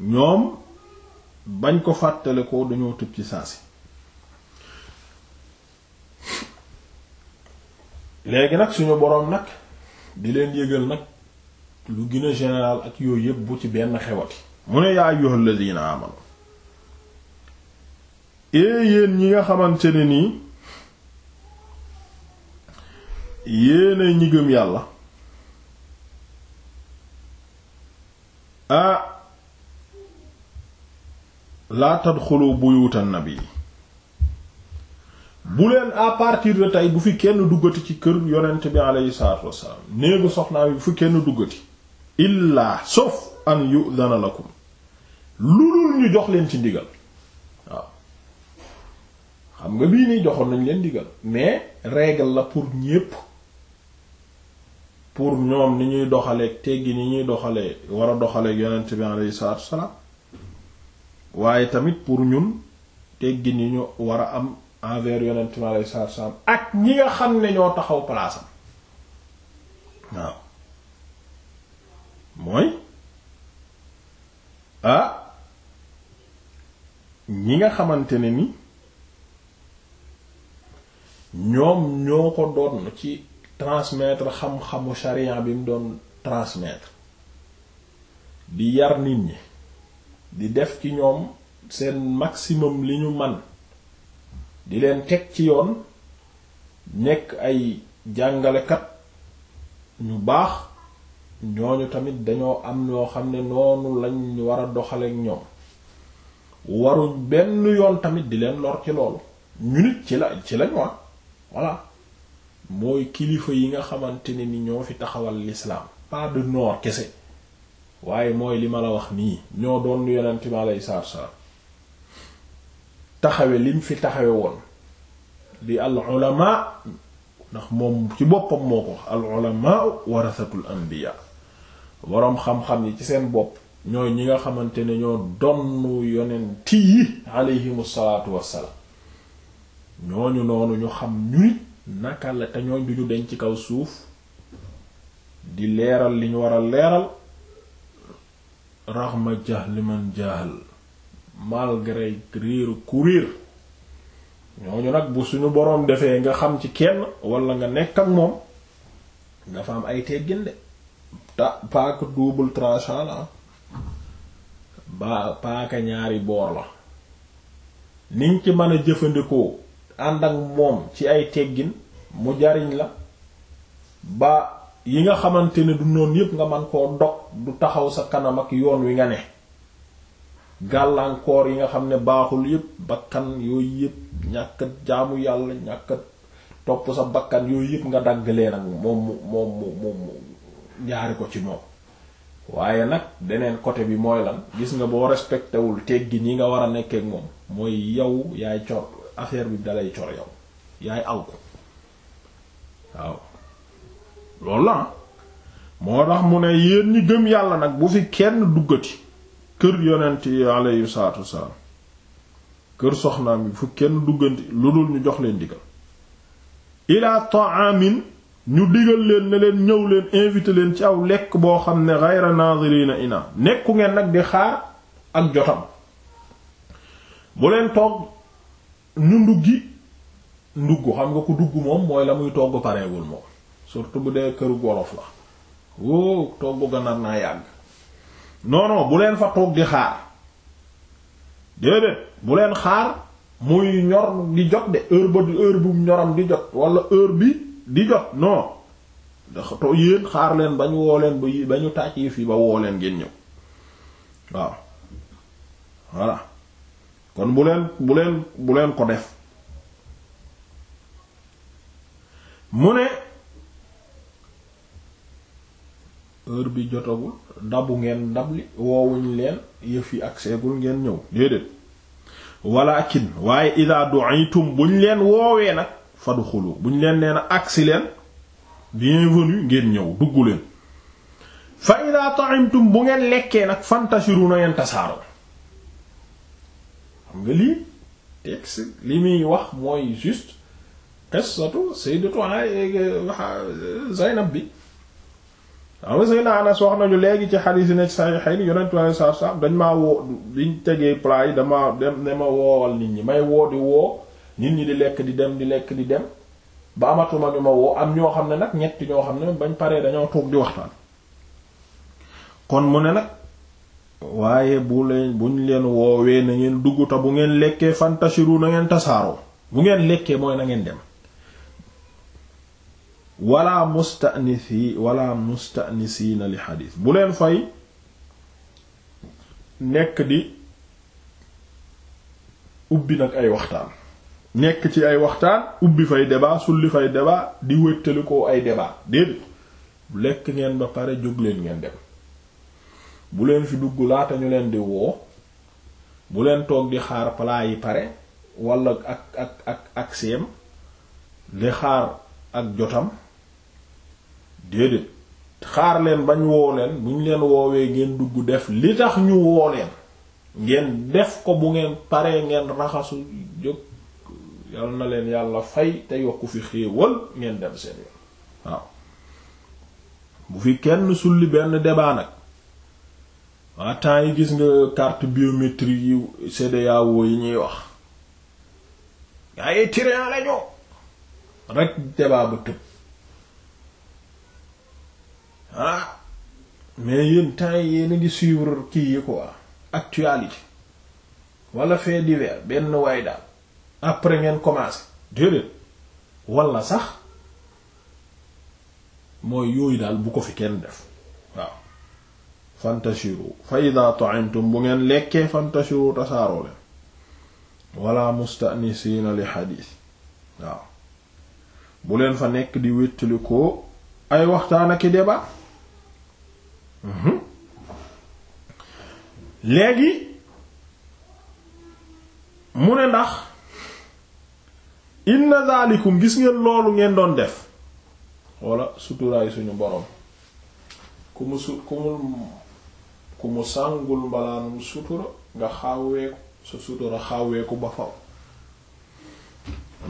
ñoom bañ ko fàttale ko dañoo tëb ci saasi léegi nag suñu boroom nag di leen yëgal nag lu gën a général ak yooyu yëpp bu ci benn xewati mu ne yaa ayyuhal ladina amanu ee eh yéen ñi nga xamante ne nii yéena ñi gëm yàlla ah laa tadxulu buyuta nabi bu leen à partir de tey bu fi kenn duggati ci kër yonent bi aleyhi salaatu wassalaam néegu soxnaa bi bu fi kenn duggati illaa sauf an yu'dana lakum lu dul ñu jox leen ci ndigal waaw xam nga bii nii joxoon nañ leen digal mais règle la pour ñépp pour ñoom ni ñuy doxalee teggi ni ñuy doxalee war a doxalee yonent bi aleyhi salaatu wassalaam waaye tamit pour ñun teggi ni ñu war a am envers yonent mi alayhi ak ñi nga xam ne ñoo taxaw palaasam waaw mooy ah ñi nga xamante ne ni ñoom ñoo ko doon ci transmettre xam-xamu sharia bi mu doon transmettre di yar nit ñi di def ci ñoom seen maximum li ñu man di leen teg ci yoon nekk ay jàngalekat ñu baax ñooñu tamit dañoo am yoo xam ne noonu lañ war a doxaleek ñoom waruñ benn yoon tamit di leen lor ci loolu ñu nit ci la ci lañ waa ah, mooy kilifa yi nga xamante ne ni ñoo fi taxawal lislaam pas noor kese waaye mooy li ma la wax nii ñoo doon yonent bi alayhi salaatu salaam taxawe lim fi taxawe woon di al ulama ndax moom ci boppam moo ko wax al ulama warasatul anbiya boroom xam-xam yi ci seen bopp ñooy ñi nga xamante ne ñoo donn yonenti yi aleyhimu salaatu wassalaam ñooñu noonu ñu xam ñuy naka la te ñooñ du ñu ci kaw suuf di leeral li ñu a leeral raxma jahl liman jahl malgré réeru kuréer ñooñu nag bu suñu boroom defee nga xam ci kenn walla nga nekk ak moom dafa am ay teggin de ta paaka double tranchant la paaka ñaari boor la niñ ci mën a jëfandikoo ànd ak moom ci ay teggin mu jariñ la ba yi nga xamante ne du noon yépp nga man koo dog du taxaw sa kanam ak yoon wi nga ne gàllankoor yi nga xam ne baaxul yépp bakkan yooyu yépp ñàkkat jaamu yàlla ñàkkat topp sa bakkan yooyu yépp nga daggalee nag moom mu moom moom ko ci moom waaye nag beneen côté bi mooy lan gis nga boo respecté wul teggi ñi nga war a nekkee ak moom mooy yow yaay cor affaire bi dalay cor yow yaay aw waaw loolu la moo tax mu ne yéen gëm yàlla nag bu fi kenn duggati kër yonent yi aleyhi salaatu wasalaam kër soxnaam bi fu kenn dugganti lu dul ñu jox leen digal ilaa ta'amin ñu digal leen ne leen ñëw leen invité leen ci aw lekk boo xam ne ghayra naazirina ina nekku ngeen nag di xaar ak jotam bu leen togg ñu nduggi ndugg xam nga ko dugg moom mooy la muy togg pareewul moom surtout bu dee këru wolof la woo togg ganaar naa yàgg non bu leen fa toog di xaar déedéet bu leen xaar muy ñor di jot de heure ba heure bu ñoram di jot wala heure bi di jot non dafa to yéen xaar leen bañ woo leen ba ba ñu tàcc yi fii ba woo leen ngeen ñëw waaw voilà kon bu leen bu leen bu leen ko def mu ne heure bi jotagul dabu ngeen dab li woowuñ leen yëf yi ak ngeen ñëw déedéet walakin waaye ida du'itum buñ leen woowee nag fadxulu buñ leen nee na leen bienvenue ngeen ñëw dugg leen fa ida ta'imtum bu ngeen lekkee nag fantashiru na ngeen tasaaroo nga lii texte li muy wax mooy juste qissatu sayyidatu Zaynab bi am ama Seydina Anas wax nañu léegi ci xadiis yi ne ci saxiixayn yonent bi alayhi salaatu salaam dañ maa woo biñ tegee plat yi dama dem ne ma woowal nit ñi may woo di woo nit ñi di lekk di dem di lekk di dem ba amatuma ñu ma woo am ñoo xam ne nag ñetti ñoo xam ne bañ paree dañoo toog di waxtaan kon mu ne nag waaye bu leen buñ leen woowee na ngeen dugg bu ngeen lekkee fantashiru na ngeen tasaaroo bu ngeen lekkee mooy na ngeen dem wala mustanisi wala mustanisiina li xadiis bu leen fay nekk di ubbi nag ay waxtaan nekk ci ay waxtaan ubbi fay débat sulli fay débat di wéttali ko ay débat déedéet lekk ngeen ba pare jóg leen ngeen dem bu leen fi dugg laata ñu leen di woo bu leen toog di xaar palaa yi pare wala ak ak ak ak seem di xaar ak jotam déedéet xaar bañ woo leen bu leen woowee ngeen dugg def li tax ñu woo leen ngeen def ko bu ngeen paree ngeen raxasu jóg yal na leen yàlla fay te yokku fi xéewal ngeen dem seen yoon waaw bu fi kenn sulli benn débat nag waa temps yi gis nga carte biométrie yi CEDEAO yi ñuy wax gaa yi tiréan rek débat ba tëb ah mais yéen temps yéen a ngi suivre kii yi quoi actualité wala fait divers benn waay daal après ngeen commencé déedéet wala sax mooy yooyu daal bu ko fi kenn def waaw fantashiru fa ida ta'amtum bu ngeen lekkee fantashiru tasaaroo leen wala mustanisiina li xadiis waaw bu leen fa nekk di wéttali ay waxtaan ak i débat léegi mu ne ndax inna zaalikum gis ngeen loolu ngeen doon def walla suturaay suñu borom ku mu su ku mu ku mu sàngul mbalaanum sutura nga xawweeku sa sutura xawweeku ba faw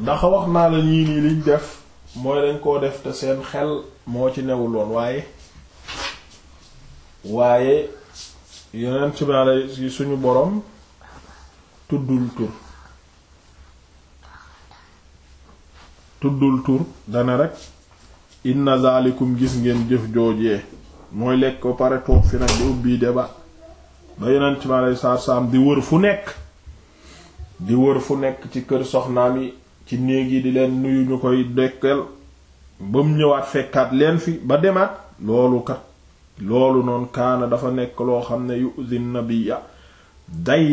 ndax wax naa la ñii nii liñ def mooy dañ koo def te seen xel moo ci newuloon waaye waaye yonent bi alay suñu boroom tuddul tur tuddul tur dana rek inna zaalikum gis ngeen jëf joojee mooy lekk ba pare toog fi nag di ubbi débat ba yonent bi alay saam di wër fu nekk di wër fu nekk ci kër soxnaam yi ci néeg yi di leen nuyu ñu koy dekkel ba ñëwaat fekkaat leen fi ba demaat loolu kat loolu noonu kaana dafa nekk loo xam ne yu'zi nabiyya day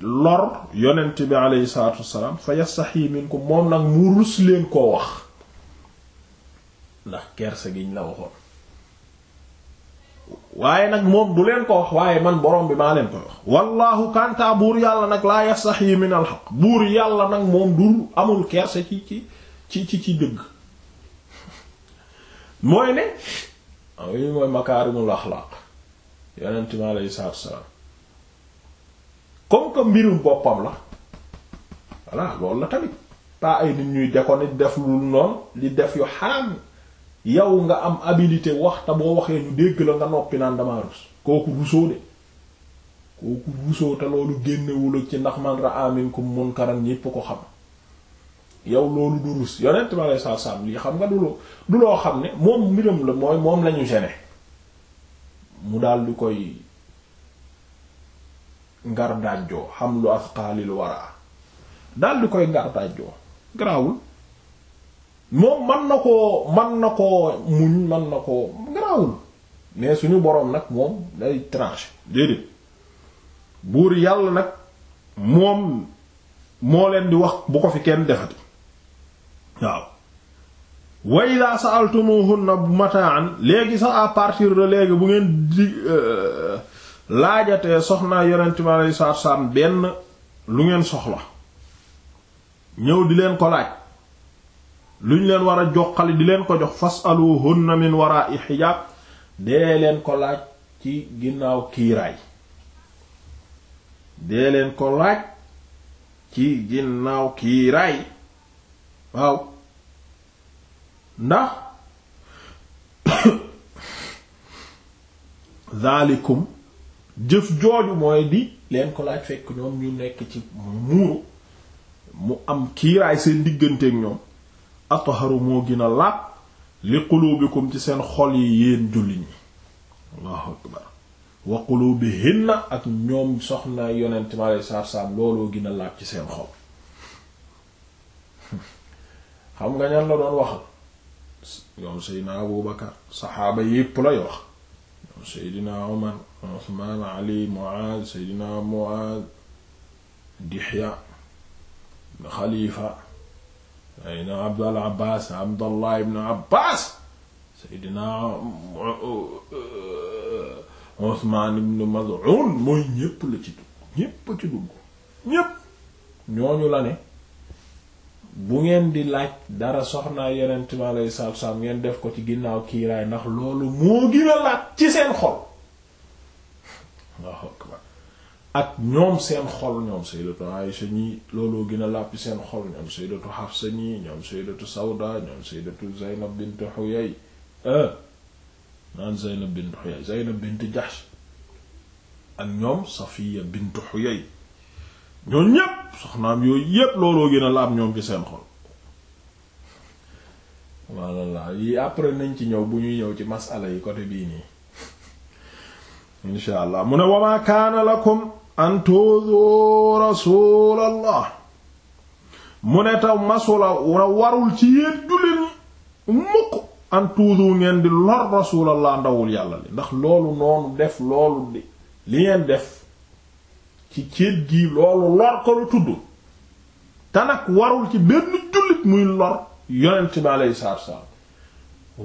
lor yonent bi aleyhi salaatu wassalaam fa yastaxyi ko moom nag mu rus leen koo wax ndax kersa giñ la waxoon waaye nag moom du leen ko wax waaye man borom bi maa leen koy wax wallaahu kanta buur yàlla nag laa yastaxyi min al buur yàlla nag moom du amul kersa ci ci ci ci ci dëgg mooy ne am ah, yu mooy makaarimul axlaaq yonent mi aleyhi salaatu salaam comme que mbirum boppam la voilà loolu la tamit pas ay nit ñuy déconné def lu noonu li def yu xaraam yow nga am habilité waxta te boo waxee ñu dégg la nga noppi naan damaa rus kooku rusoo de kooku rusoo te loolu génnewul ci ndax man ra amin ku munkaran ñépp ko xam yow loolu du rus yonent ma lay saa saam lii xam nga du loo du loo xam ne moom mbiram la mooy moom lañu gene mu daal di koy ngar dàjjoo xam lu asqaalil waraa daal di koy ngar dàjjoo garaawul moom man na koo man na koo muñ man na ko garaawul mais suñu boroom nag moom day tranché déedéet buur yàlla nag moom moo leen di wax bu ko fi kenn defati waaw wa idha sa'altumuhunna mata'an léegi sax à partir de léegi bu ngeen di euh, laajatee soxna yonent mi alayhi salaatu benn lu ngeen soxla ñëw di leen ko laaj luñ leen war a joxali di leen ko jox fas'aluhunna min wara'i hijab dee leen ko laaj ci ginnaaw kiiraay dee leen ko laaj ci ginnaaw kiiraay waaw ndax zaalikum jëf jooju mooy di leen ko laaj fekk ñoom ñu nekk ci muuru mu am kiiraay seen digganteek ñoom atharu moo gën laab li qulubikum ci seen xol yi yéen jullit ñi allahu akbar wa qulubihinna ak ñoom soxna yonent mi alei saatu salaam looloo gën laab ci seen xol xam nga ñan la doon waxal ñoom seydina abu bakar saxaaba yépp lay wax ñoom seydina omar uthman ali muaaz seydina muaaz dihya xalifa seydina abdal abbaas abdallah ibn abbaas seydina uthman uh, uh, ibn maz'un mooy ñépp la ci dugg ñépp ci dugg ñépp ñooñu la ne bu ngeen di laaj dara soxnaa yeneen mi alayhi salaatu salaam ngeen def ko ci ginnaaw kiiraay ndax loolu moo gën a laat ci seen xol ak ñoom seen xol ñoom sayyidatu Aïsha ñi looloo gën a laat seen xol ñoom sayyidatu Hafsa ñi ñoom sayyidatu Sawda ñoom sayyidatu Zaynab bint Huyay eh, naan Zaynab bint Huyay Zaynab bint Jahsh ak ñoom Safiya bint Huyay ñoom ñépp soxnaam yooyu yépp looloo gën a laab ñoom ci seen xol walla yi après nañ ci ñëw bu ñuy ñëw ci masala yi côté bii nii insha allah mu ne wamaa kaana lakum an mu ne taw masula warul ci yéen jullit mukk an tuzu di lor rasulallah ndawul yàlla li ndax loolu noonu def loolu di li ngeen def ci céet gi loolu lor ko lu tudd te nag warul ci benn jullit muy lor yonent bi alayhi salaatu salaam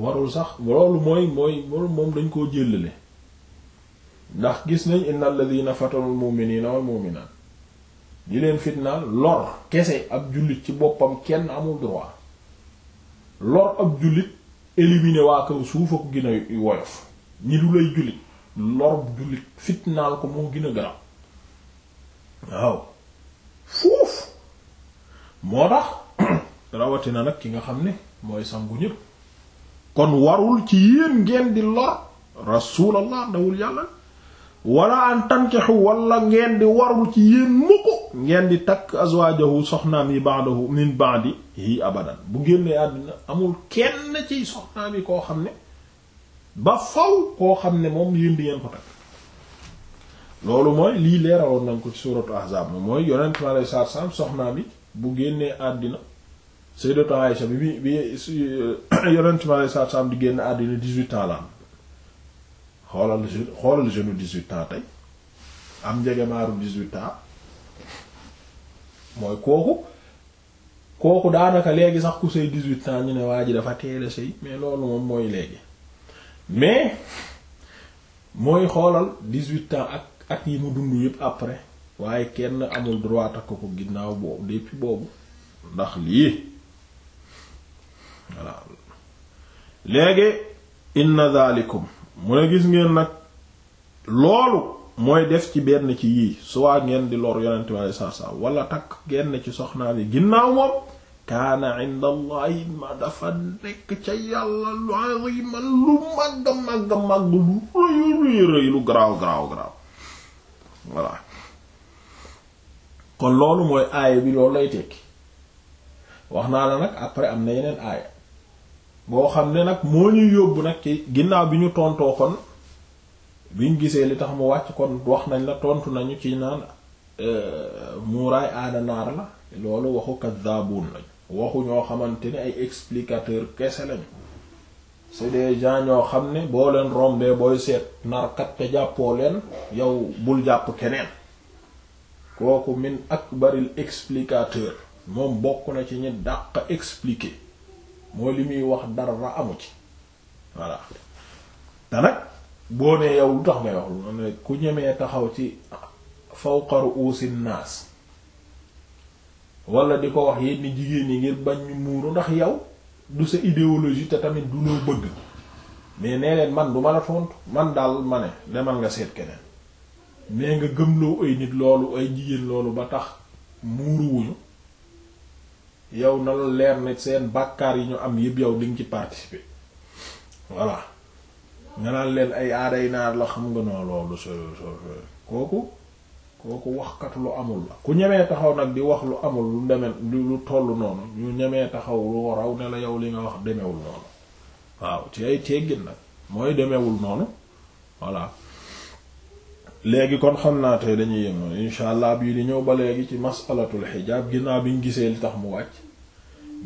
warul sax loolu mooy mooy moom dañ koo jëllale ndax gis nañ innal ladina fatanul mu'minina wal mu'minat di leen fitnaal lor kese ab jullit ci boppam kenn amul droit lor ab jullit éliminer waa kaw suuf ak gën a woyof ñi du lay jullit lor jullit fitnaal ko moo gën a garab waaw foofu moo tax rawatina nag ki nga xam ne mooy sangu ñépp kon warul ci yéen ngeen di lor rasulallah dawul yàlla wala an tankihu wala ngeen di warul ci yéen mukk ngeen di takk azwaajahu soxnaam yi ba'dahu min ba'di yi abadan bu génnee àddina amul kenn ci soxnaam yi koo xam ne ba faw koo xam ne moom yéen di ngeen ko takk loolu mooy lii leeraloon nañ ko ci suuratu ahzaab mooy yonent ma lay saar saam soxnaa bi bu génnee àddina sayyidatu Aisha bi bi bi euh, yonent ma lay saar saam di génn àddina dix-huit ans la am xoolal xoolal jeune dix-huit ans tey am njegemaaru dix-huit ans mooy kooku kooku daanaka léegi sax ku say dix-huit ans ñu ne waa ji dafa teele sëy mais loolu moom mooy léegi mais mooy xoolal dix-huit ans ak ak yi mu dund yépp après waaye kenn amul droit takk ko ginnaaw boobu depuis boobu ndax lii voilà léegi inna dalikum mu ne gis ngeen nag loolu mooy def ci benn ci yii soit ngeen di lor yonente wala takk genn ci soxnaa ginnaaw moom kaana inda ma dafa nekk ca yàlla lu azima lu màgg màgg màgg lu rëy rëy rëy lu garaaw garaaw garaaw voilà kon loolu mooy aaya bi loolu lay tekki wax naa la nag après am na yeneen aaya boo xam ne nag moo ñuy yóbbu nag ci ginnaaw bi ñu tontoo kon biñ gisee li tax mu wàcc kon wax nañ la tontu nañu ci naan euh, muuraay aada naar la loolu waxukat kaddaabuun lañ waxu ñoo xamante ne ay explicateur kese lañu c'est de gens ñoo xam ne boo leen rombee booy seet narkat te jàppoo leen yow bul jàpp keneen kooku min bari explicateur moom bokk na ci ñi dàq expliquer mooy li muy wax dara la amu ci voilà te boo nee yow lu tax ngay wax lu ne ku ñemee taxaw ci fawqa ru'usin naas wala di ko wax yenn jigéen yi ngir bañ ñu muuru ndax yow du sa idéologie te tamit du loo bëgg mais nee leen man du ma la tontu man daal ma ne demal nga seet keneen mais nga gëmloo ay nit loolu ay jigéen loolu ba tax muuruwuñu yow na la leer ne seen bàkkaar yi ñu am yëpp yow di ci participer voilà nga naa leen ay aaday naar la xam nga noo loolu so so kooku kooku waxkat lu amul la ku ñemee taxaw nag di wax lu amul lu deme lu tollu noonu ñu ñemee taxaw lu raw ne la yow li nga wax demewul noonu waaw ci ay nag mooy demewul noonu voilà léegi kon xam naa tey dañuy yem noonu insha bii di ñëw ba léegi ci masalatul xijaab ginnaaw bi ñu gisee li tax mu wàcc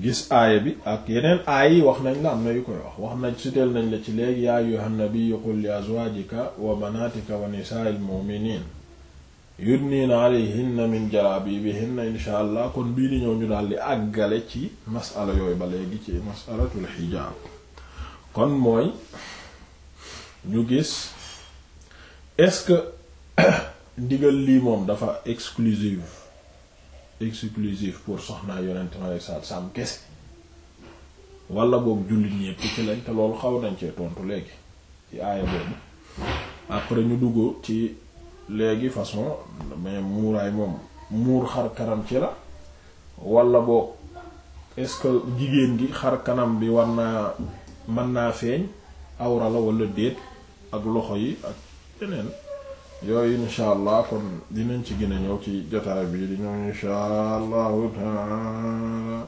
gis aaya bi ak yeneen aay yi wax nañ la am na yu koy wax wax nañ siteel nañ la ci léegi yaa ayyuhan nabiyyu qul li azwaajika wa banatika wa nisaa'il naa yudniina alayhinna min jalabibihinna insha allah kon bii di ñëw ñu daal di àggale ci masala yooyu ba léegi ci masalatul xijaab kon mooy ñu gis est-ce que ndigal lii moom dafa exclusive exclusive pour soxnaa yonent ma saat saam kese wala boog jullit ñépp ci lañ te loolu xaw nañ cee tontu léegi ci aaya boobu après ñu dugg ci léegi façon mais muuraay moom muur xar kanam ci la wala boo est-ce que jigéen gi xar kanam bi war naa mën naa feeñ awra la déet ak loxo yi ak yeneen yooyu insha allah kon dinañ ci gën a ñëw ci jotaay bii di ñëw insha allahu taala